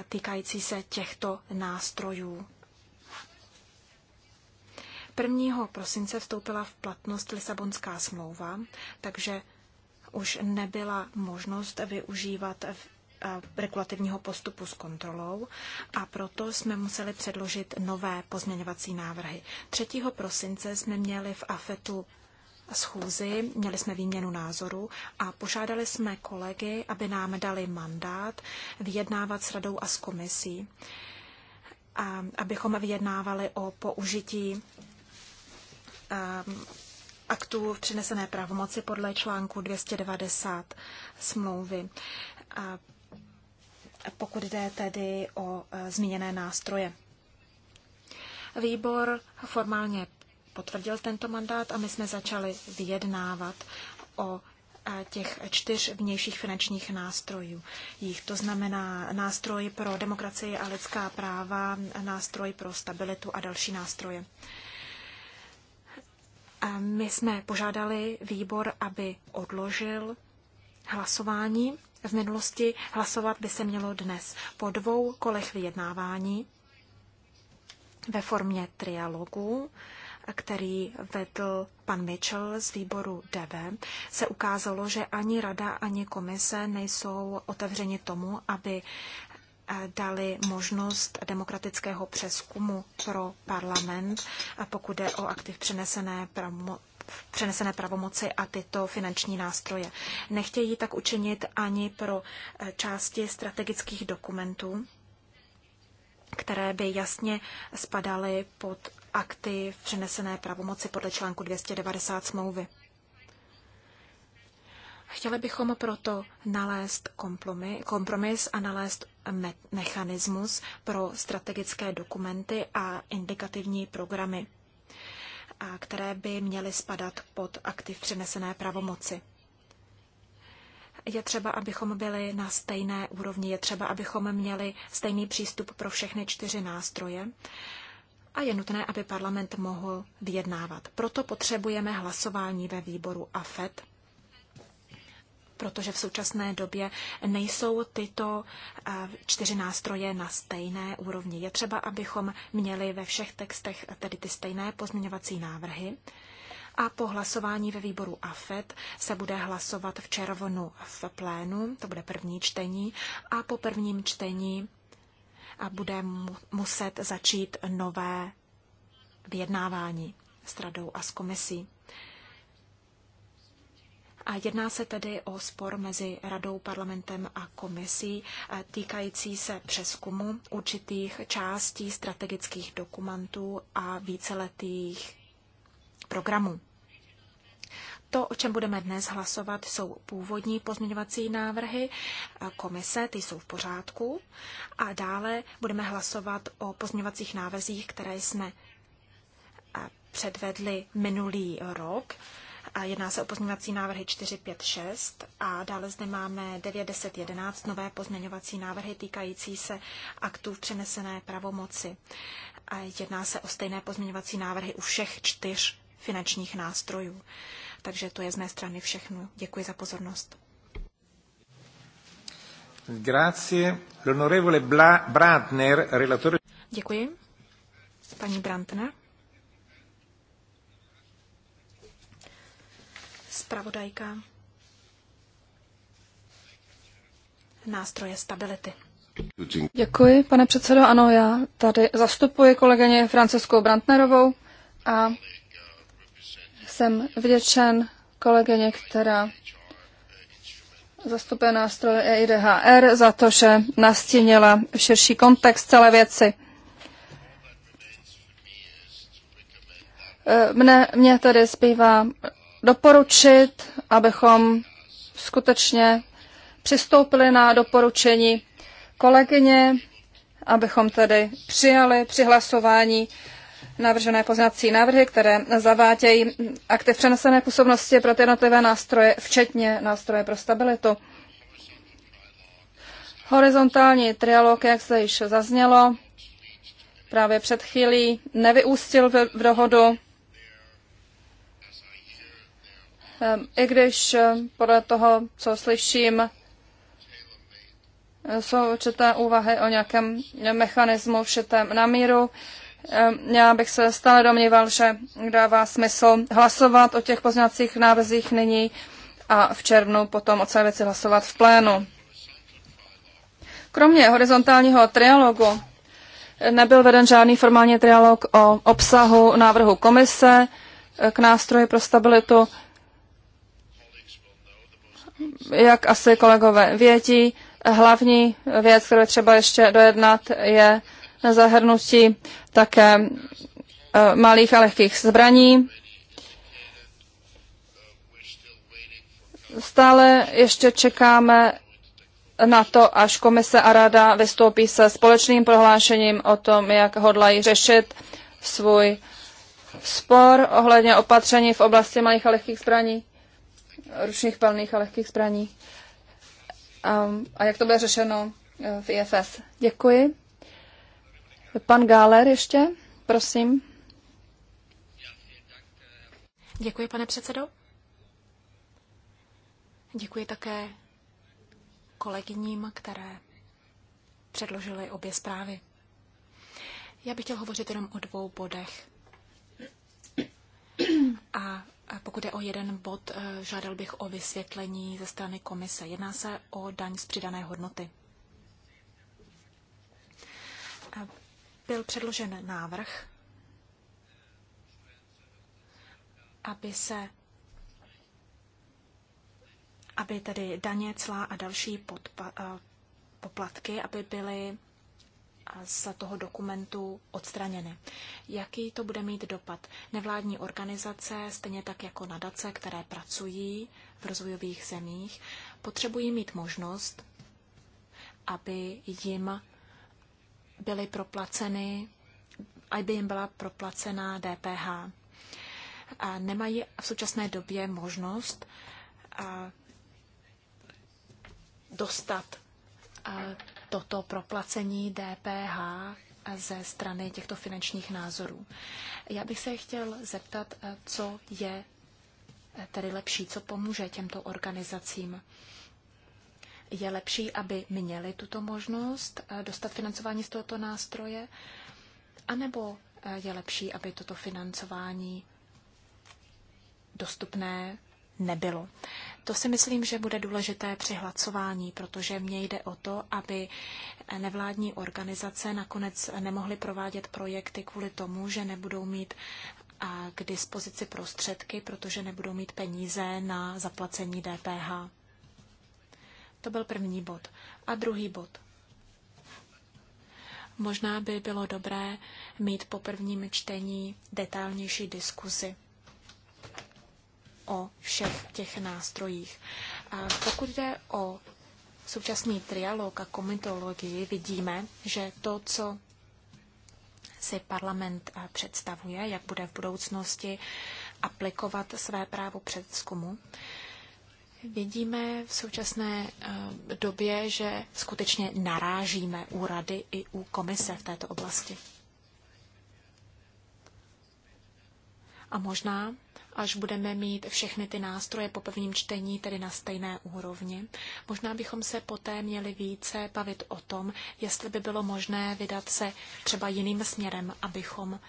týkající se těchto nástrojů. 1. prosince vstoupila v platnost Lisabonská smlouva, takže už nebyla možnost využívat eh, regulativního postupu s kontrolou a proto jsme museli předložit nové pozměňovací návrhy. 3. prosince jsme měli v AFETu schůzi, měli jsme výměnu názoru a požádali jsme kolegy, aby nám dali mandát vyjednávat s radou a s komisí, a abychom vyjednávali o použití um, aktů v přinesené pravomoci podle článku 290 smlouvy. A pokud jde tedy o e, zmíněné nástroje. Výbor formálně potvrdil tento mandát a my jsme začali vyjednávat o e, těch čtyř vnějších finančních nástrojů. Jich to znamená nástroj pro demokracii a lidská práva, nástroj pro stabilitu a další nástroje. My jsme požádali výbor, aby odložil hlasování. V minulosti hlasovat by se mělo dnes po dvou kolech vyjednávání ve formě trialogu, který vedl pan Mitchell z výboru DB, se ukázalo, že ani rada, ani komise nejsou otevřeni tomu, aby dali možnost demokratického přeskumu pro parlament, a pokud jde o aktiv přenesené pravomo- přenesené pravomoci a tyto finanční nástroje. Nechtějí tak učinit ani pro eh, části strategických dokumentů, které by jasně spadaly pod akty v přenesené pravomoci podle článku 290 smlouvy. Chtěli bychom proto nalézt kompromis a nalézt me mechanismus pro strategické dokumenty a indikativní programy, a které by měly spadat pod aktiv přenesené pravomoci. Je třeba, abychom byli na stejné úrovni, je třeba, abychom měli stejný přístup pro všechny čtyři nástroje a je nutné, aby parlament mohl vyjednávat. Proto potřebujeme hlasování ve výboru AFET protože v současné době nejsou tyto eh, čtyři nástroje na stejné úrovni. Je třeba, abychom měli ve všech textech tedy ty stejné pozměňovací návrhy. A po hlasování ve výboru AFET se bude hlasovat v červnu v plénu, to bude první čtení, a po prvním čtení a eh, bude muset začít nové vyjednávání s radou a s komisí. A jedná se tedy o spor mezi radou, parlamentem a komisí eh, týkající se přeskumu určitých částí strategických dokumentů a víceletých programů. To, o čem budeme dnes hlasovat, jsou původní pozměňovací návrhy eh, komise, ty jsou v pořádku. A dále budeme hlasovat o pozměňovacích návrzích, které jsme eh, předvedli minulý rok Jedná se o pozměňovací návrhy 4, 5, 6 a dále zde máme 9, 10, 11 nové pozměňovací návrhy týkající se aktů v přenesené pravomoci. Jedná se o stejné pozměňovací návrhy u všech čtyř finančních nástrojů. Takže to je z mé strany všechno. Děkuji za pozornost. Grazie. L'onorevole Bradner, relatore... Děkuji. Paní Brantner. zpravodajka nástroje stability. Děkuji, pane předsedo. Ano, já tady zastupuji kolegyně Franceskou Brantnerovou a jsem vděčen kolegyně, která zastupuje nástroje EIDHR za to, že nastínila širší kontext celé věci. E, mne, mě tedy zbývá doporučit, abychom skutečně přistoupili na doporučení kolegyně, abychom tedy přijali při hlasování navržené poznací návrhy, které zavádějí v přenesené působnosti pro ty jednotlivé nástroje, včetně nástroje pro stabilitu. Horizontální trialog, jak se již zaznělo, právě před chvílí nevyústil v dohodu. Ehm, i když eh, podle toho, co slyším, eh, jsou určité úvahy o nějakém mechanismu všetém na míru. Ehm, já bych se stále domníval, že dává smysl hlasovat o těch poznacích návrzích nyní a v červnu potom o celé věci hlasovat v plénu. Kromě horizontálního trialogu nebyl veden žádný formální trialog o obsahu návrhu komise eh, k nástroji pro stabilitu jak asi kolegové vědí, hlavní věc, kterou třeba ještě dojednat, je zahrnutí také eh, malých a lehkých zbraní. Stále ještě čekáme na to, až komise a rada vystoupí se společným prohlášením o tom, jak hodlají řešit svůj spor ohledně opatření v oblasti malých a lehkých zbraní ručních palných a lehkých zbraní. A, a jak to bude řešeno eh, v IFS? Děkuji. Pan Gáler ještě, prosím. Děkuji, pane předsedo. Děkuji také kolegyním, které předložily obě zprávy. Já bych chtěl hovořit jenom o dvou bodech. A pokud je o jeden bod, eh, žádal bych o vysvětlení ze strany komise. Jedná se o daň z přidané hodnoty. Eh, byl předložen návrh, aby se aby tedy daně, clá a další podpa, eh, poplatky, aby byly z toho dokumentu odstraněny. Jaký to bude mít dopad? Nevládní organizace, stejně tak jako nadace, které pracují v rozvojových zemích, potřebují mít možnost, aby jim byly proplaceny, aby jim byla proplacená DPH. A nemají v současné době možnost dostat toto proplacení DPH ze strany těchto finančních názorů. Já bych se chtěl zeptat, eh, co je eh, tedy lepší, co pomůže těmto organizacím. Je lepší, aby měli tuto možnost eh, dostat financování z tohoto nástroje, anebo je lepší, aby toto financování dostupné nebylo. To si myslím, že bude důležité při hlacování, protože mně jde o to, aby nevládní organizace nakonec nemohly provádět projekty kvůli tomu, že nebudou mít k dispozici prostředky, protože nebudou mít peníze na zaplacení DPH. To byl první bod. A druhý bod. Možná by bylo dobré mít po prvním čtení detailnější diskuzi o všech těch nástrojích. A pokud jde o současný trialog a komitologii, vidíme, že to, co si parlament představuje, jak bude v budoucnosti aplikovat své právo předzkumu, Vidíme v současné době, že skutečně narážíme u rady i u komise v této oblasti. A možná až budeme mít všechny ty nástroje po prvním čtení, tedy na stejné úrovni. Možná bychom se poté měli více bavit o tom, jestli by bylo možné vydat se třeba jiným směrem, abychom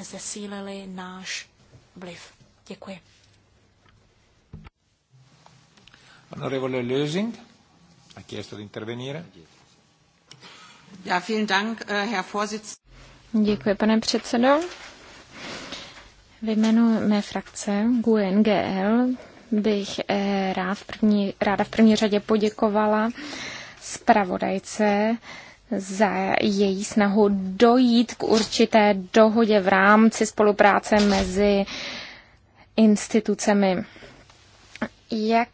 zesílili náš vliv. Děkuji. Honorable Lösing ha chiesto di intervenire. Ja, vielen Dank, äh, Herr Vorsitzender. Děkuji, pane předsedo. Ve jménu mé frakce GUNGL bych eh, rád v první, ráda v první řadě poděkovala zpravodajce za její snahu dojít k určité dohodě v rámci spolupráce mezi institucemi. Jak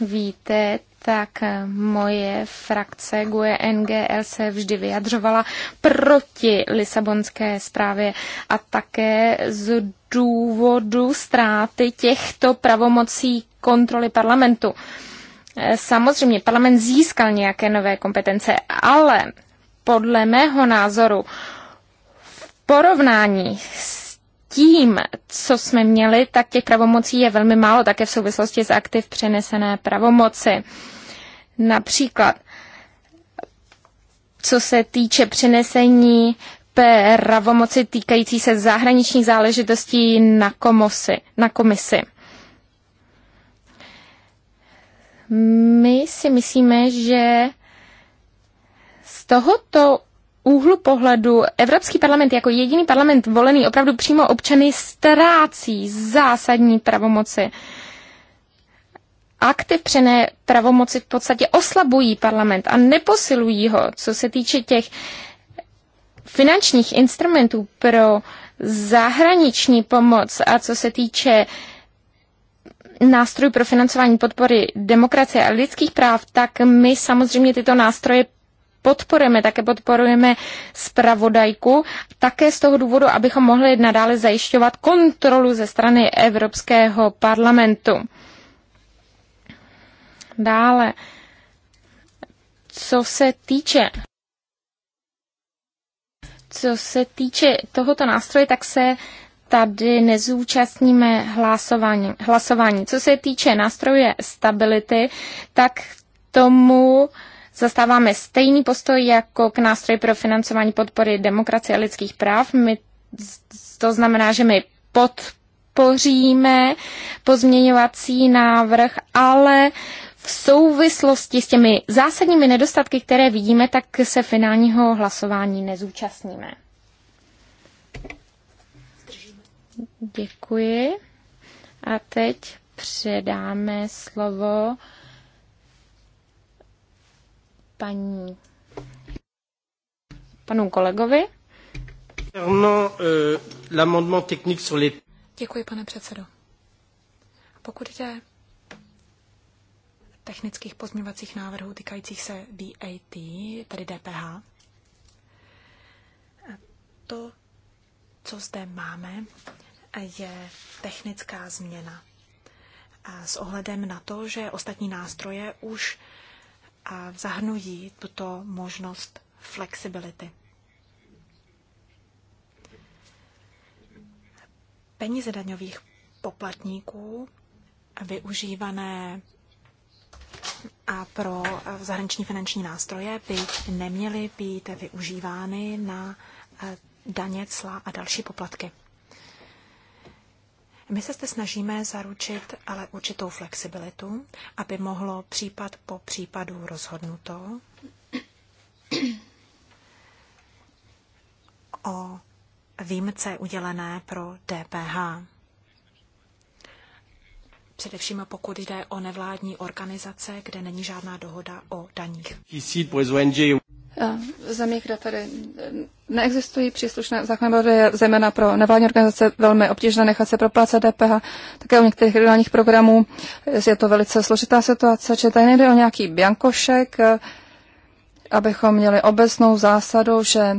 víte, tak moje frakce GUE NGL se vždy vyjadřovala proti Lisabonské zprávě a také z důvodu ztráty těchto pravomocí kontroly parlamentu. Samozřejmě parlament získal nějaké nové kompetence, ale podle mého názoru v porovnání s tím, co jsme měli, tak těch pravomocí je velmi málo, také v souvislosti s aktiv přenesené pravomoci. Například, co se týče přenesení pravomoci týkající se zahraničních záležitostí na, komosi, na komisi. My si myslíme, že z tohoto úhlu pohledu Evropský parlament jako jediný parlament volený opravdu přímo občany ztrácí zásadní pravomoci. Uh, akty přené pravomoci v podstatě oslabují parlament a neposilují ho, co se týče těch finančních instrumentů pro zahraniční pomoc a co se týče nástrojů pro financování podpory demokracie a lidských práv, tak my samozřejmě tyto nástroje podporujeme, také podporujeme zpravodajku, také z toho důvodu, abychom mohli nadále zajišťovat kontrolu ze strany Evropského parlamentu dále. Co se týče co se týče tohoto nástroje, tak se tady nezúčastníme hlasování. hlasování. Co se týče nástroje stability, tak tomu zastáváme stejný postoj jako k nástroji pro financování podpory demokracie a lidských práv. My, to znamená, že my podpoříme pozměňovací návrh, ale v souvislosti s těmi zásadními nedostatky, které vidíme, tak se finálního hlasování nezúčastníme. Děkuji. A teď předáme slovo paní panu kolegovi. Euh, Děkuji, pane předsedo. Pokud jde technických pozměňovacích návrhů týkajících se VAT, tedy DPH. A to, co zde máme, je technická změna. A s ohledem na to, že ostatní nástroje už zahrnují tuto možnost flexibility. Peníze daňových poplatníků využívané a pro eh, zahraniční finanční nástroje by neměly být využívány na eh, daně, cla a další poplatky. My se zde snažíme zaručit ale určitou flexibilitu, aby mohlo případ po případu rozhodnuto o výjimce udělené pro DPH především pokud jde o nevládní organizace, kde není žádná dohoda o daních. V zemích, kde tady neexistují příslušné zákony, je zejména pro nevládní organizace velmi obtížné nechat se proplácet DPH, také u některých regionálních programů je to velice složitá situace, že tady nejde o nějaký biankošek, abychom měli obecnou zásadu, že eh,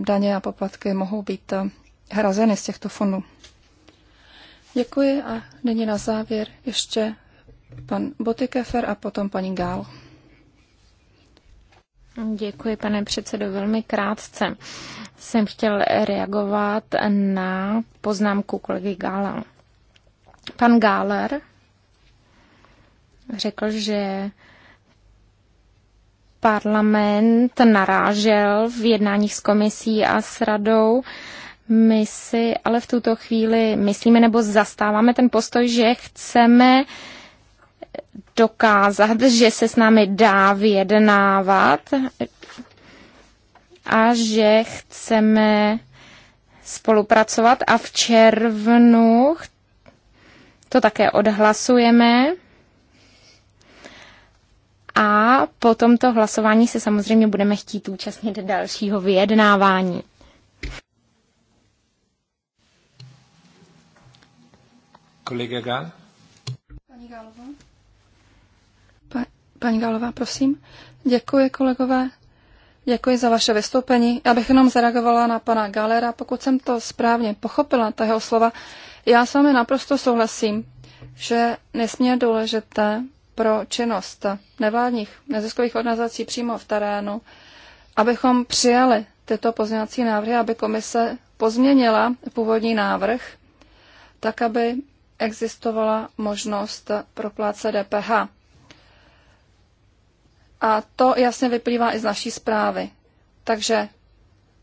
daně a poplatky mohou být eh, hrazeny z těchto fondů. Děkuji a nyní na závěr ještě pan Botikefer a potom paní Gál. Děkuji, pane předsedo, velmi krátce. Jsem chtěl reagovat na poznámku kolegy Gála. Pan Gáler řekl, že parlament narážel v jednáních s komisí a s radou my si ale v tuto chvíli myslíme nebo zastáváme ten postoj, že chceme dokázat, že se s námi dá vyjednávat a že chceme spolupracovat a v červnu to také odhlasujeme. A po tomto hlasování se samozřejmě budeme chtít účastnit dalšího vyjednávání. kolega Gál. Paní Gálová. Pa, paní Gálová, prosím. Děkuji, kolegové. Děkuji za vaše vystoupení. Já bych jenom zareagovala na pana Galera. Pokud jsem to správně pochopila, ta jeho slova, já s vámi naprosto souhlasím, že nesmí důležité pro činnost nevládních neziskových organizací přímo v terénu, abychom přijali tyto pozměňovací návrhy, aby komise pozměnila původní návrh, tak aby existovala možnost proplácet DPH. A to jasně vyplývá i z naší zprávy. Takže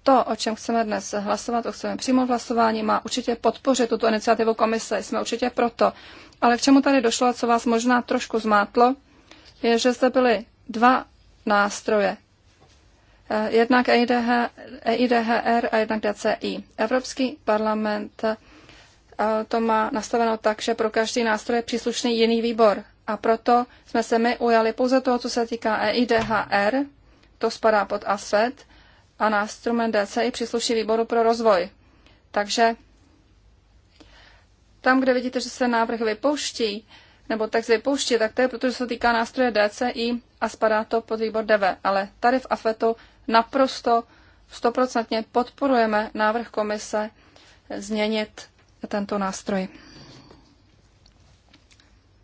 to, o čem chceme dnes hlasovat, o chceme přímo hlasování, má určitě podpořit tuto iniciativu komise. Jsme určitě proto. Ale k čemu tady došlo, co vás možná trošku zmátlo, je, že zde byly dva nástroje. Eh, jednak EIDH, EIDHR a jednak DCI. Evropský parlament to má nastaveno tak, že pro každý nástroj je příslušný jiný výbor. A proto jsme se my ujali pouze toho, co se týká EIDHR, to spadá pod ASFED, a e DC DCI přísluší výboru pro rozvoj. Takže tam, kde vidíte, že se návrh vypouští, nebo text vypouští, tak to je proto, že se týká nástroje DCI a spadá to pod výbor DV. Ale tady v AFETu naprosto stoprocentně podporujeme návrh komise změnit tento nástroj.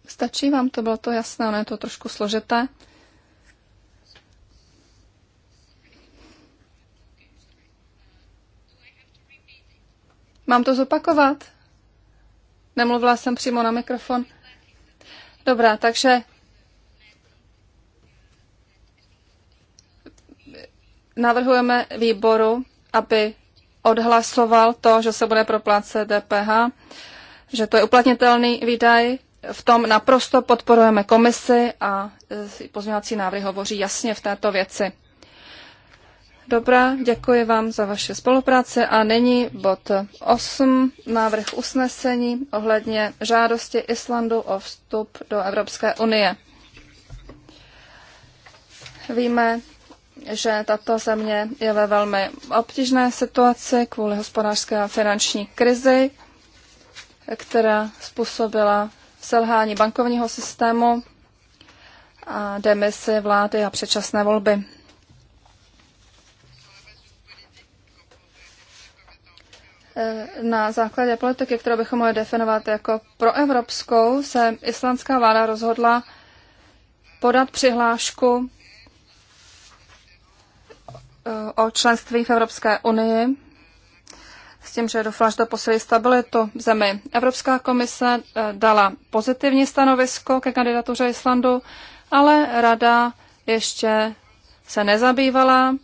Stačí vám to, bylo to jasné, ono je to trošku složité. Mám to zopakovat? Nemluvila jsem přímo na mikrofon. Dobrá, takže navrhujeme výboru, aby odhlasoval to, že se bude proplácet DPH, že to je uplatnitelný výdaj. V tom naprosto podporujeme komisi a e, pozměňovací návrh hovoří jasně v této věci. Dobrá, děkuji vám za vaše spolupráce a nyní bod 8, návrh usnesení ohledně žádosti Islandu o vstup do Evropské unie. Víme, že tato země je ve velmi obtížné situaci kvůli hospodářské a finanční krizi, která způsobila selhání bankovního systému a demisi vlády a předčasné volby. Na základě politiky, kterou bychom mohli definovat jako proevropskou, se islandská vláda rozhodla podat přihlášku o členství v Evropské unii, s tím, že doufala, že to posilí stabilitu v zemi. Evropská komise eh, dala pozitivní stanovisko ke kandidatuře Islandu, ale rada ještě se nezabývala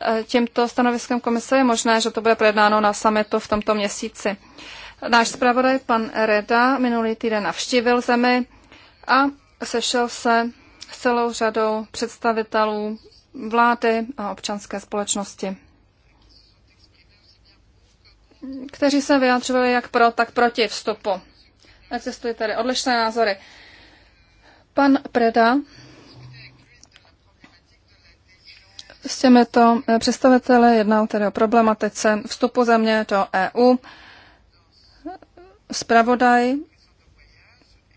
eh, tímto stanoviskem komise. Je možné, že to bude projednáno na summitu v tomto měsíci. Náš zpravodaj, pan Reda, minulý týden navštívil zemi a sešel se s celou řadou představitelů vlády a občanské společnosti, kteří se vyjadřovali jak pro, tak proti vstupu. Existují tady odlišné názory. Pan Preda s těmito představiteli jednal tedy o problematice vstupu země do EU. Spravodaj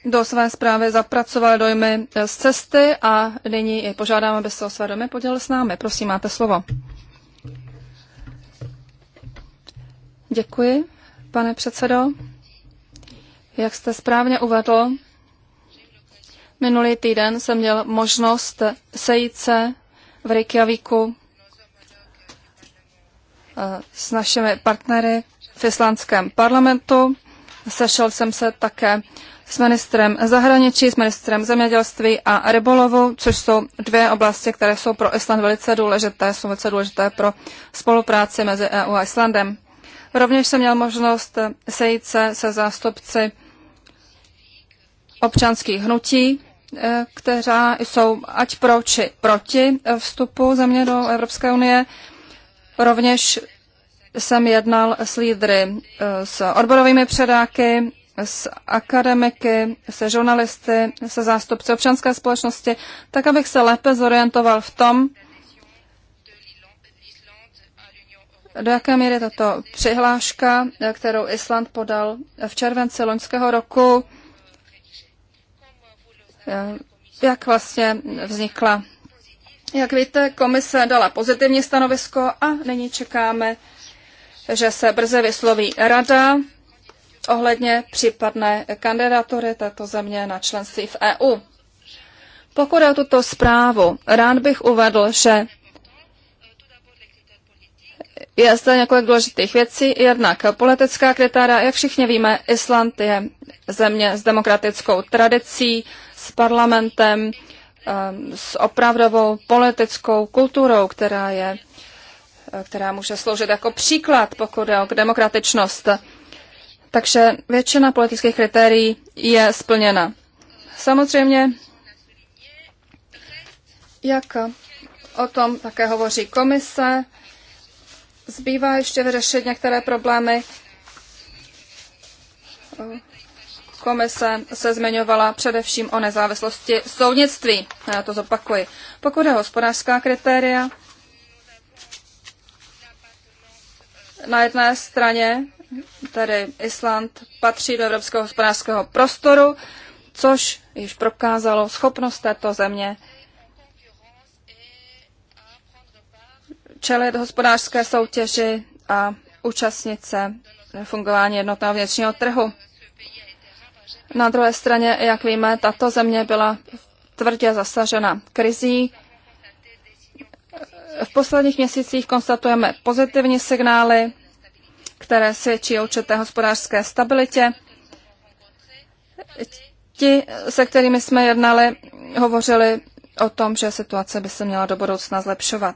do své zprávy zapracoval dojmy eh, z cesty a nyní i požádám, aby se o své dojmy podělil s námi. Prosím, máte slovo. Děkuji, pane předsedo. Jak jste správně uvedl, minulý týden jsem měl možnost sejít se v Reykjavíku eh, s našimi partnery v islandském parlamentu. Sešel jsem se také s ministrem zahraničí, s ministrem zemědělství a rybolovu, což jsou dvě oblasti, které jsou pro Island velice důležité, jsou velice důležité pro spolupráci mezi EU a Islandem. Rovněž jsem měl možnost sejít se se zástupci občanských hnutí, eh, která jsou ať pro, či proti vstupu země do Evropské unie. Rovněž jsem jednal s lídry, eh, s odborovými předáky, s akademiky, se žurnalisty, se zástupci občanské společnosti, tak abych se lépe zorientoval v tom, do jaké míry tato přihláška, kterou Island podal v červenci loňského roku, jak vlastně vznikla. Jak víte, komise dala pozitivní stanovisko a nyní čekáme, že se brzy vysloví rada ohledně případné kandidatury této země na členství v EU. Pokud je o tuto zprávu, rád bych uvedl, že je zde několik důležitých věcí. Jednak politická kritéria, jak všichni víme, Island je země s demokratickou tradicí, s parlamentem, eh, s opravdovou politickou kulturou, která, je, eh, která může sloužit jako příklad, pokud je o demokratičnost. Takže většina politických kritérií je splněna. Samozřejmě, jak o tom také hovoří komise, zbývá ještě vyřešit některé problémy. Komise se zmiňovala především o nezávislosti soudnictví. Já to zopakuji. Pokud je hospodářská kritéria, na jedné straně Tady Island patří do evropského hospodářského prostoru, což již prokázalo schopnost této země čelit hospodářské soutěži a účastnit se fungování jednotného vnitřního trhu. Na druhé straně, jak víme, tato země byla tvrdě zasažena krizí. V posledních měsících konstatujeme pozitivní signály, které svědčí o určité hospodářské stabilitě. Ti, se kterými jsme jednali, hovořili o tom, že situace by se měla do budoucna zlepšovat.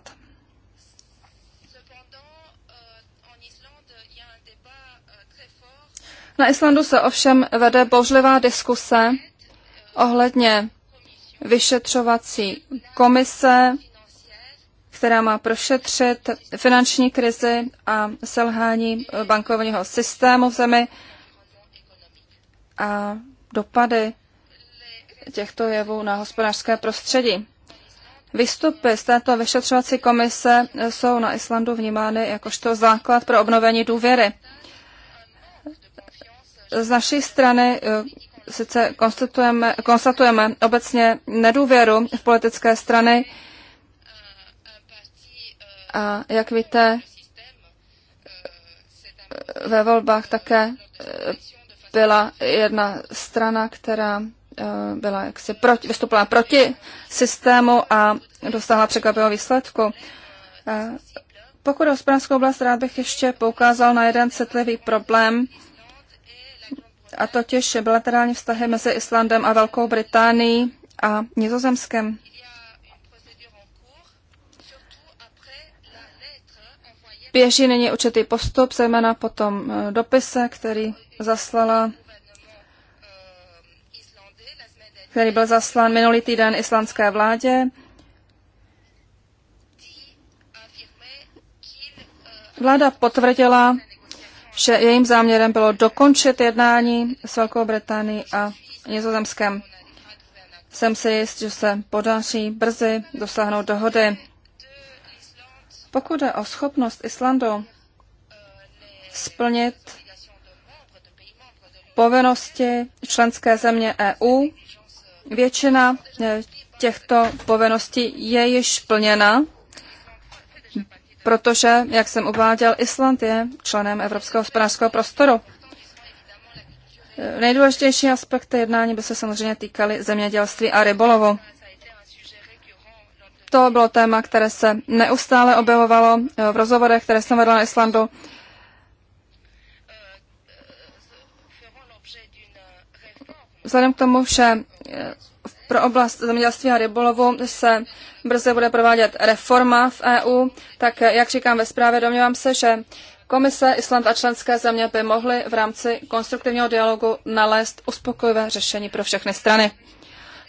Na Islandu se ovšem vede bouřlivá diskuse ohledně vyšetřovací komise, která má prošetřit finanční krizi a selhání bankovního systému v zemi a dopady těchto jevů na hospodářské prostředí. Výstupy z této vyšetřovací komise jsou na Islandu vnímány jakožto základ pro obnovení důvěry. Z naší strany eh, sice konstatujeme, konstatujeme obecně nedůvěru v politické strany, a jak víte, ve volbách také eh, byla jedna strana, která eh, byla jaksi proti, vystupila proti systému a dostala překvapivou výsledku. Eh, pokud o hospodářskou oblast, rád bych ještě poukázal na jeden citlivý problém, a totiž bilaterální vztahy mezi Islandem a Velkou Británií a Nizozemskem. Pěší není určitý postup, zejména po tom eh, dopise, který zaslala který byl zaslán minulý týden islandské vládě. Vláda potvrdila, že jejím záměrem bylo dokončit jednání s Velkou Británií a Nizozemskem. Jsem si jist, že se podaří brzy dosáhnout dohody. Pokud je o schopnost Islandu splnit povinnosti členské země EU, většina eh, těchto povinností je již plněna, protože, jak jsem uváděl, Island je členem Evropského hospodářského prostoru. Eh, nejdůležitější aspekty jednání by se samozřejmě týkaly zemědělství a rybolovu. To bylo téma, které se neustále objevovalo eh, v rozhovorech, které jsem vedla na Islandu. Vzhledem k tomu, že eh, pro oblast zemědělství a rybolovu se brzy bude provádět reforma v EU, tak eh, jak říkám ve zprávě, domnívám se, že Komise, Island a členské země by mohly v rámci konstruktivního dialogu nalézt uspokojivé řešení pro všechny strany.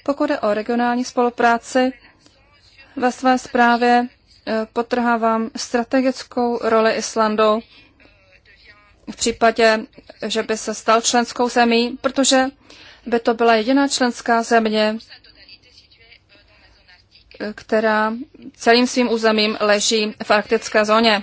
Pokud je o regionální spolupráci, ve své zprávě eh, potrhávám strategickou roli Islandu v případě, že by se stal členskou zemí, protože by to byla jediná členská země, eh, která celým svým územím leží v arktické zóně.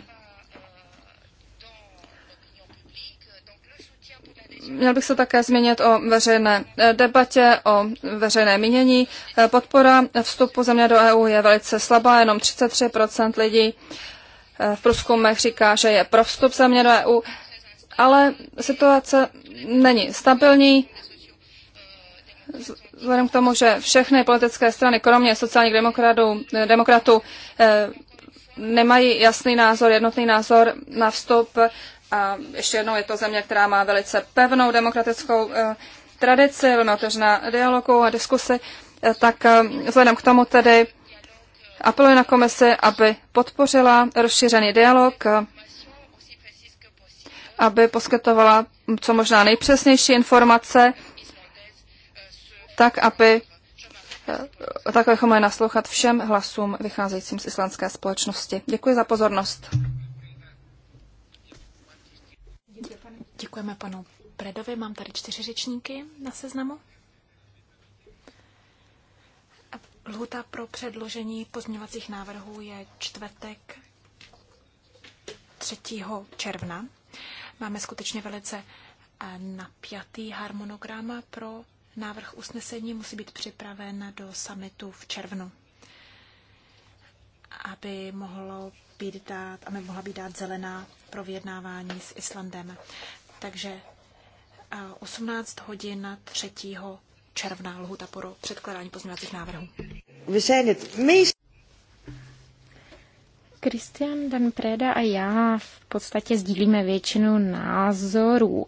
Měl bych se také zmínit o veřejné eh, debatě, o veřejné mínění. Eh, podpora vstupu země do EU je velice slabá, jenom 33% lidí eh, v průzkumech říká, že je pro vstup země do EU, ale situace není stabilní. Vzhledem k tomu, že všechny politické strany, kromě sociálních demokratů, demokratů nemají jasný názor, jednotný názor na vstup, a ještě jednou je to země, která má velice pevnou demokratickou eh, tradici, velmi otevřená dialogu a diskusi, eh, Tak eh, vzhledem k tomu tedy apeluji na komisi, aby podpořila rozšířený dialog, aby poskytovala co možná nejpřesnější informace, tak, aby tak abychom mohli naslouchat všem hlasům vycházejícím z islandské společnosti. Děkuji za pozornost. Děkujeme panu Predovi. Mám tady čtyři řečníky na seznamu. Lhuta pro předložení pozměňovacích návrhů je čtvrtek 3. června. Máme skutečně velice eh, napjatý harmonogram pro návrh usnesení. Musí být připraven do summitu v červnu, aby mohlo být dát, aby mohla být dát zelená pro vyjednávání s Islandem. Takže 18 hodin 3. června lhuta pro předkládání pozměňovacích návrhů. Kristian Dan Preda a já v podstatě sdílíme většinu názorů,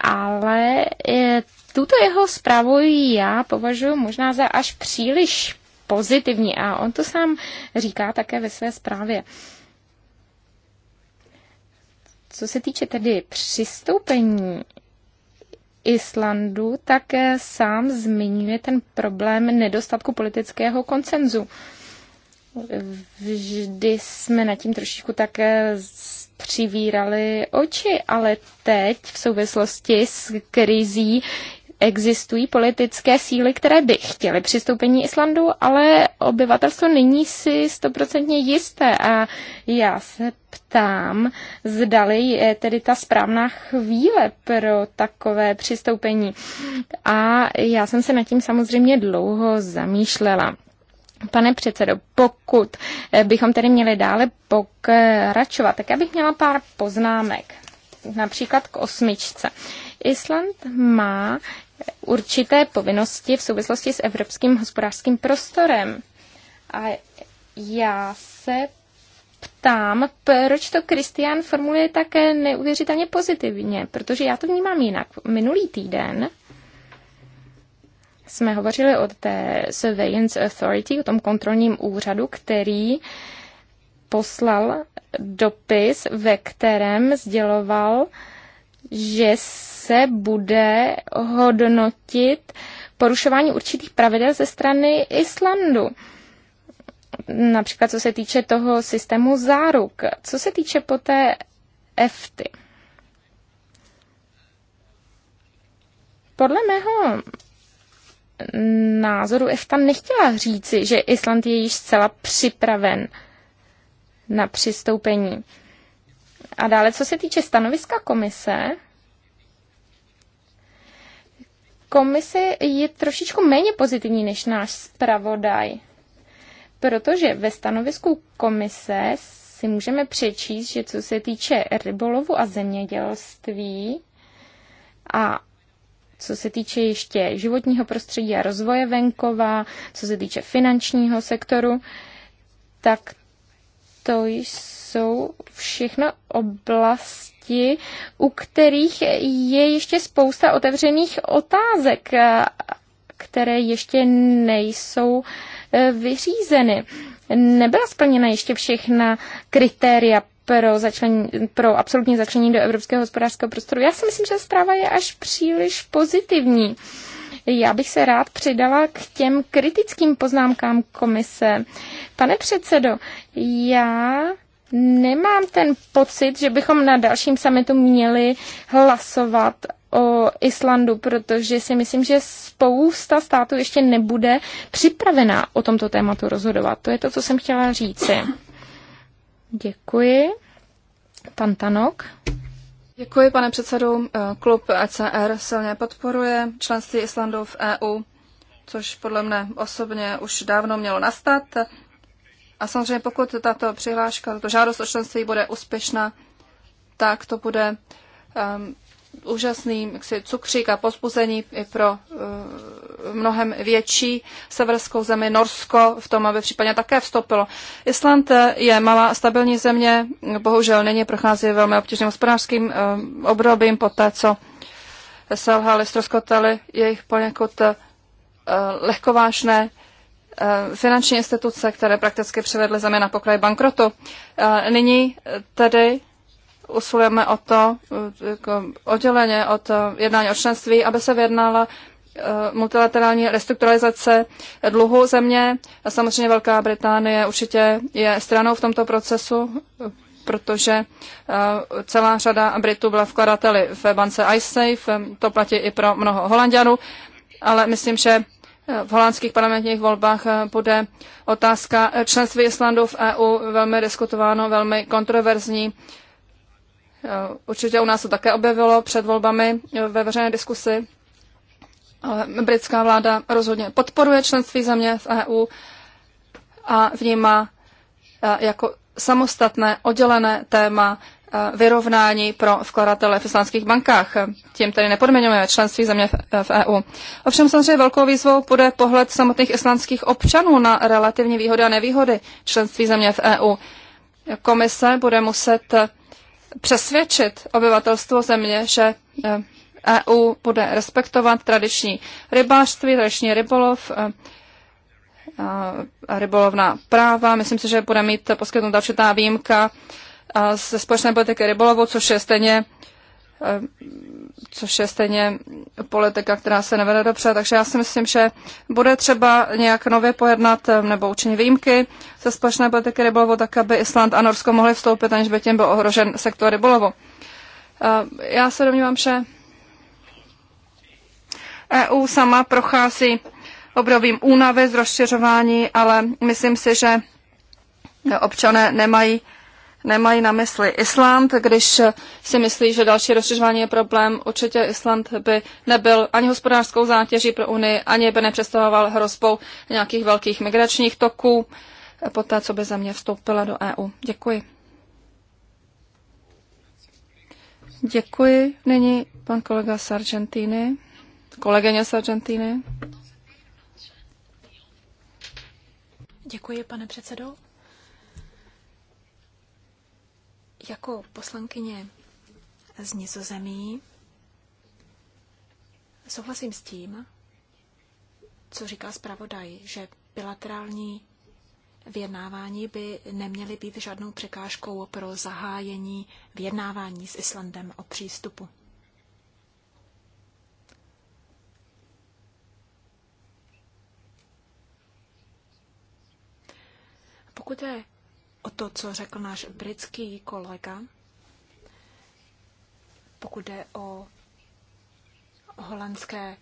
ale e, tuto jeho zprávu já považuji možná za až příliš pozitivní a on to sám říká také ve své zprávě. Uh, co se týče tedy přistoupení Islandu, tak eh, sám zmiňuje ten problém nedostatku politického koncenzu. Vždy jsme nad tím trošičku tak eh, přivírali oči, ale teď v souvislosti s krizí existují politické síly, které by chtěly přistoupení Islandu, ale obyvatelstvo není si stoprocentně jisté. A já se ptám, zdali je tedy ta správná chvíle pro takové přistoupení. A já jsem se nad tím samozřejmě dlouho zamýšlela. Pane předsedo, pokud bychom tedy měli dále pokračovat, tak já bych měla pár poznámek, například k osmičce. Island má určité povinnosti v souvislosti s evropským hospodářským prostorem. A já se ptám, proč to Kristián formuluje tak neuvěřitelně pozitivně, protože já to vnímám jinak. Minulý týden jsme hovořili o té Surveillance Authority, o tom kontrolním úřadu, který poslal dopis, ve kterém sděloval, že se bude hodnotit porušování určitých pravidel ze strany Islandu. Například co se týče toho systému záruk. Co se týče poté EFTY. Podle mého názoru EFTA nechtěla říci, že Island je již zcela připraven na přistoupení. A dále, co se týče stanoviska komise, komise je trošičku méně pozitivní než náš zpravodaj, protože ve stanovisku komise si můžeme přečíst, že co se týče rybolovu a zemědělství a co se týče ještě životního prostředí a rozvoje venkova, co se týče finančního sektoru, tak to jsou jsou všechno oblasti, u kterých je ještě spousta otevřených otázek, které ještě nejsou e, vyřízeny. Nebyla splněna ještě všechna kritéria pro, začlení, pro absolutní začlenění do evropského hospodářského prostoru. Já si myslím, že zpráva je až příliš pozitivní. Já bych se rád přidala k těm kritickým poznámkám komise. Pane předsedo, já nemám ten pocit, že bychom na dalším summitu měli hlasovat o Islandu, protože si myslím, že spousta států ještě nebude připravená o tomto tématu rozhodovat. To je to, co jsem chtěla říci. Děkuji. Pan Tanok. Děkuji, pane předsedu. Klub ECR silně podporuje členství Islandu v EU, což podle mne osobně už dávno mělo nastat. A samozřejmě, pokud tato přihláška, tato žádost o členství bude úspěšná, tak to bude um, úžasný jaksi, cukřík a pozbuzení i pro uh, mnohem větší severskou zemi Norsko v tom, aby případně také vstoupilo. Island je malá stabilní země, bohužel není prochází velmi obtížným hospodářským um, obdobím po té, co selhali, stroskotali jejich poněkud uh, lehkovážné Eh, finanční instituce, které prakticky přivedly zemi na pokraj bankrotu. Eh, nyní tedy usilujeme o to eh, jako odděleně od jednání o členství, aby se vyjednala multilaterální restrukturalizace dluhu země. A samozřejmě Velká Británie určitě je stranou v tomto procesu, protože celá řada Britů byla vkladateli v bance iSafe, to platí i pro mnoho Holandianů, ale myslím, že v holandských parlamentních volbách eh, bude otázka eh, členství Islandu v EU velmi diskutováno, velmi kontroverzní. Eh, Určitě u nás to také objevilo před volbami ve veřejné diskusi. Ale britská vláda rozhodně podporuje členství země v EU a vnímá jako samostatné, oddělené téma vyrovnání pro vkladatele v islánských bankách. Tím tedy nepodmiňujeme členství země v EU. Ovšem samozřejmě velkou výzvou bude pohled samotných islánských občanů na relativní výhody a nevýhody členství země v EU. Komise bude muset e, přesvědčit obyvatelstvo země, že EU e bude respektovat tradiční rybářství, tradiční rybolov, e, rybolovná práva. Myslím si, že bude mít poskytnutá určitá výjimka a ze společné politiky rybolovu, což je stejně eh, což je stejně politika, která se nevede dobře. Takže já si myslím, že bude třeba nějak nově pojednat eh, nebo učinit výjimky ze společné politiky rybolovu, tak aby Island a Norsko mohly vstoupit, aniž by tím byl ohrožen sektor rybolovu. Eh, já se domnívám, že EU sama prochází obrovým únavy z rozšiřování, ale myslím si, že občané nemají nemají na mysli. Island, když si myslí, že další rozšiřování je problém, určitě Island by nebyl ani hospodářskou zátěží pro Unii, ani by nepředstavoval hrozbou nějakých velkých migračních toků poté, co by země vstoupila do EU. Děkuji. Děkuji. Nyní pan kolega z Argentíny, kolegyně z Argentíny. Děkuji, pane předsedo. Jako poslankyně z Nizozemí souhlasím s tím, co říká zpravodaj, že bilaterální vyjednávání by neměly být žádnou překážkou pro zahájení vyjednávání s Islandem o přístupu. Pokud je o to, co řekl náš britský kolega, pokud jde o holandské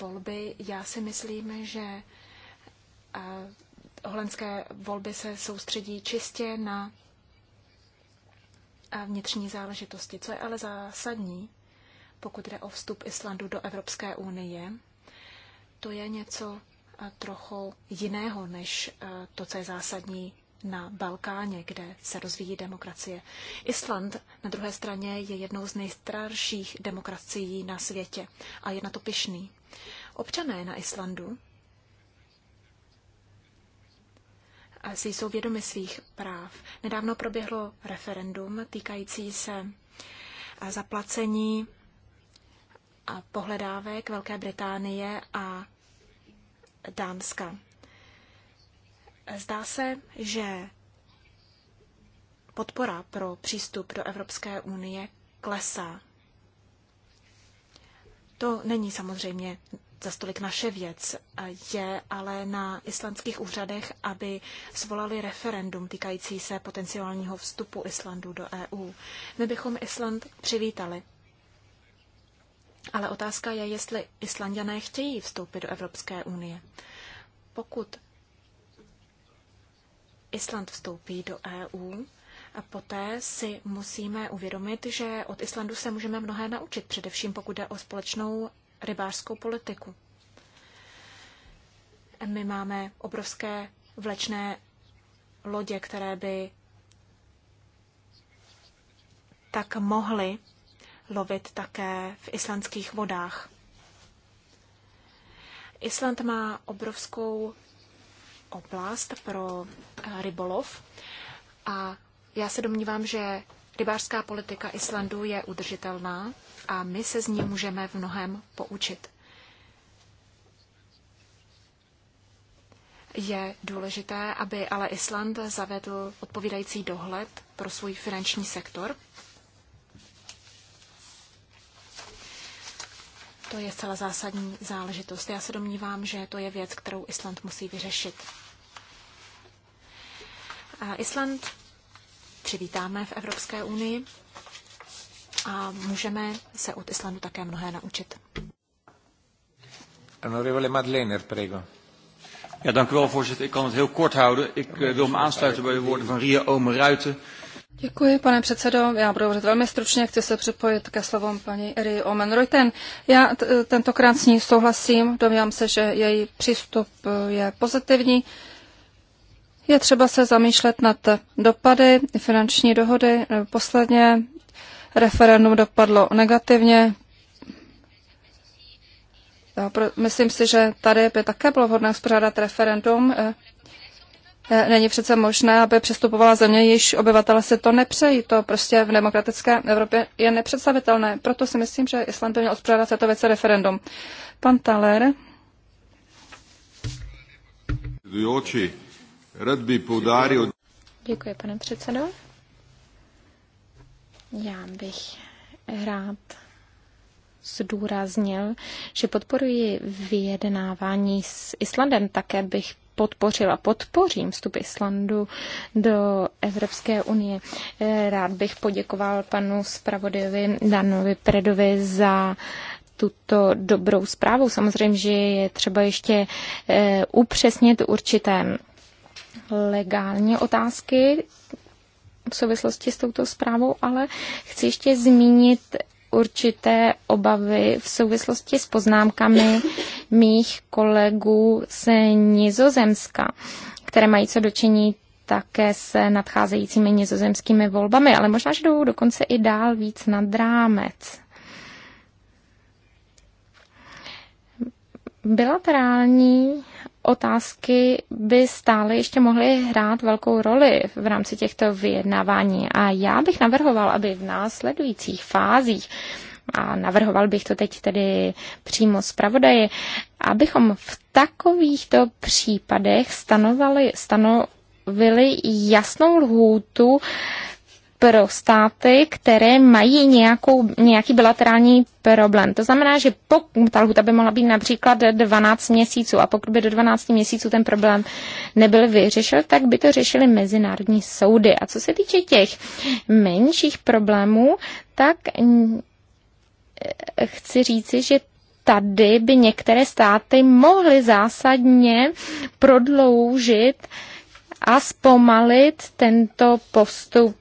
volby, já si myslím, že holandské volby se soustředí čistě na vnitřní záležitosti. Co je ale zásadní, pokud jde o vstup Islandu do Evropské unie, to je něco trochu jiného než to, co je zásadní na Balkáně, kde se rozvíjí demokracie. Island na druhé straně je jednou z nejstarších demokracií na světě a je na to pišný. Občané na Islandu si jsou vědomi svých práv. Nedávno proběhlo referendum týkající se zaplacení pohledávek Velké Británie a Dánska. Zdá se, že podpora pro přístup do Evropské unie klesá. To není samozřejmě za stolik naše věc. Je ale na islandských úřadech, aby zvolali referendum týkající se potenciálního vstupu Islandu do EU. My bychom Island přivítali. Ale otázka je, jestli Islandiané chtějí vstoupit do Evropské unie. Pokud Island vstoupí do EU, a poté si musíme uvědomit, že od Islandu se můžeme mnohé naučit, především pokud jde o společnou rybářskou politiku. My máme obrovské vlečné lodě, které by tak mohly lovit také v islandských vodách. Island má obrovskou oblast pro eh, rybolov a já se domnívám, že rybářská politika Islandu je udržitelná a my se z ní můžeme v mnohem poučit. Je důležité, aby ale Island zavedl odpovídající dohled pro svůj finanční sektor To je zcela zásadní záležitost. Já se domnívám, že to je věc, kterou Island musí vyřešit. A Island přivítáme v Evropské unii a můžeme se od Islandu také mnohé naučit. Honorable Madlener, prego. Ja, dank u wel, voorzitter. Ik kan het heel kort houden. Ik uh, wil me aansluiten bij de woorden van Ria Omer Ruiten. Děkuji, pane předsedo. Já budu hovořit velmi stručně, chci se připojit ke slovům paní Eri -Reuten. Já tentokrát s ní souhlasím, domnívám se, že její přístup eh, je pozitivní. Je třeba se zamýšlet nad dopady finanční dohody. Posledně referendum dopadlo negativně. Myslím si, že tady by také bylo vhodné uspořádat referendum eh, Eh, není přece možné, aby přestupovala země, již obyvatele si to nepřejí. To prostě v demokratické Evropě je nepředstavitelné. Proto si myslím, že Island by měl uspořádat této věci referendum. Pan Taler. Děkuji, pane předsedo. Já bych rád zdůraznil, že podporuji vyjednávání s Islandem. Také bych podpořila, podpořím vstup Islandu do Evropské unie. Rád bych poděkoval panu zpravodajovi Danovi Predovi za tuto dobrou zprávu. Samozřejmě, že je třeba ještě eh, upřesnit určité legální otázky v souvislosti s touto zprávou, ale chci ještě zmínit určité obavy v souvislosti s poznámkami mých kolegů z Nizozemska, které mají co dočení také s nadcházejícími nizozemskými volbami, ale možná, že jdou dokonce i dál víc nad rámec. bilaterální otázky by stále ještě mohly hrát velkou roli v rámci těchto vyjednávání. A já bych navrhoval, aby v následujících fázích a navrhoval bych to teď tedy přímo zpravodaji, abychom v takovýchto případech stanovali, stanovili jasnou lhůtu pro státy, které mají nějakou, nějaký bilaterální problém. To znamená, že pokud ta lhuta by mohla být například 12 měsíců a pokud by do 12 měsíců ten problém nebyl vyřešen, tak by to řešili mezinárodní soudy. A co se týče těch menších problémů, tak chci říci, že tady by některé státy mohly zásadně prodloužit a zpomalit tento postup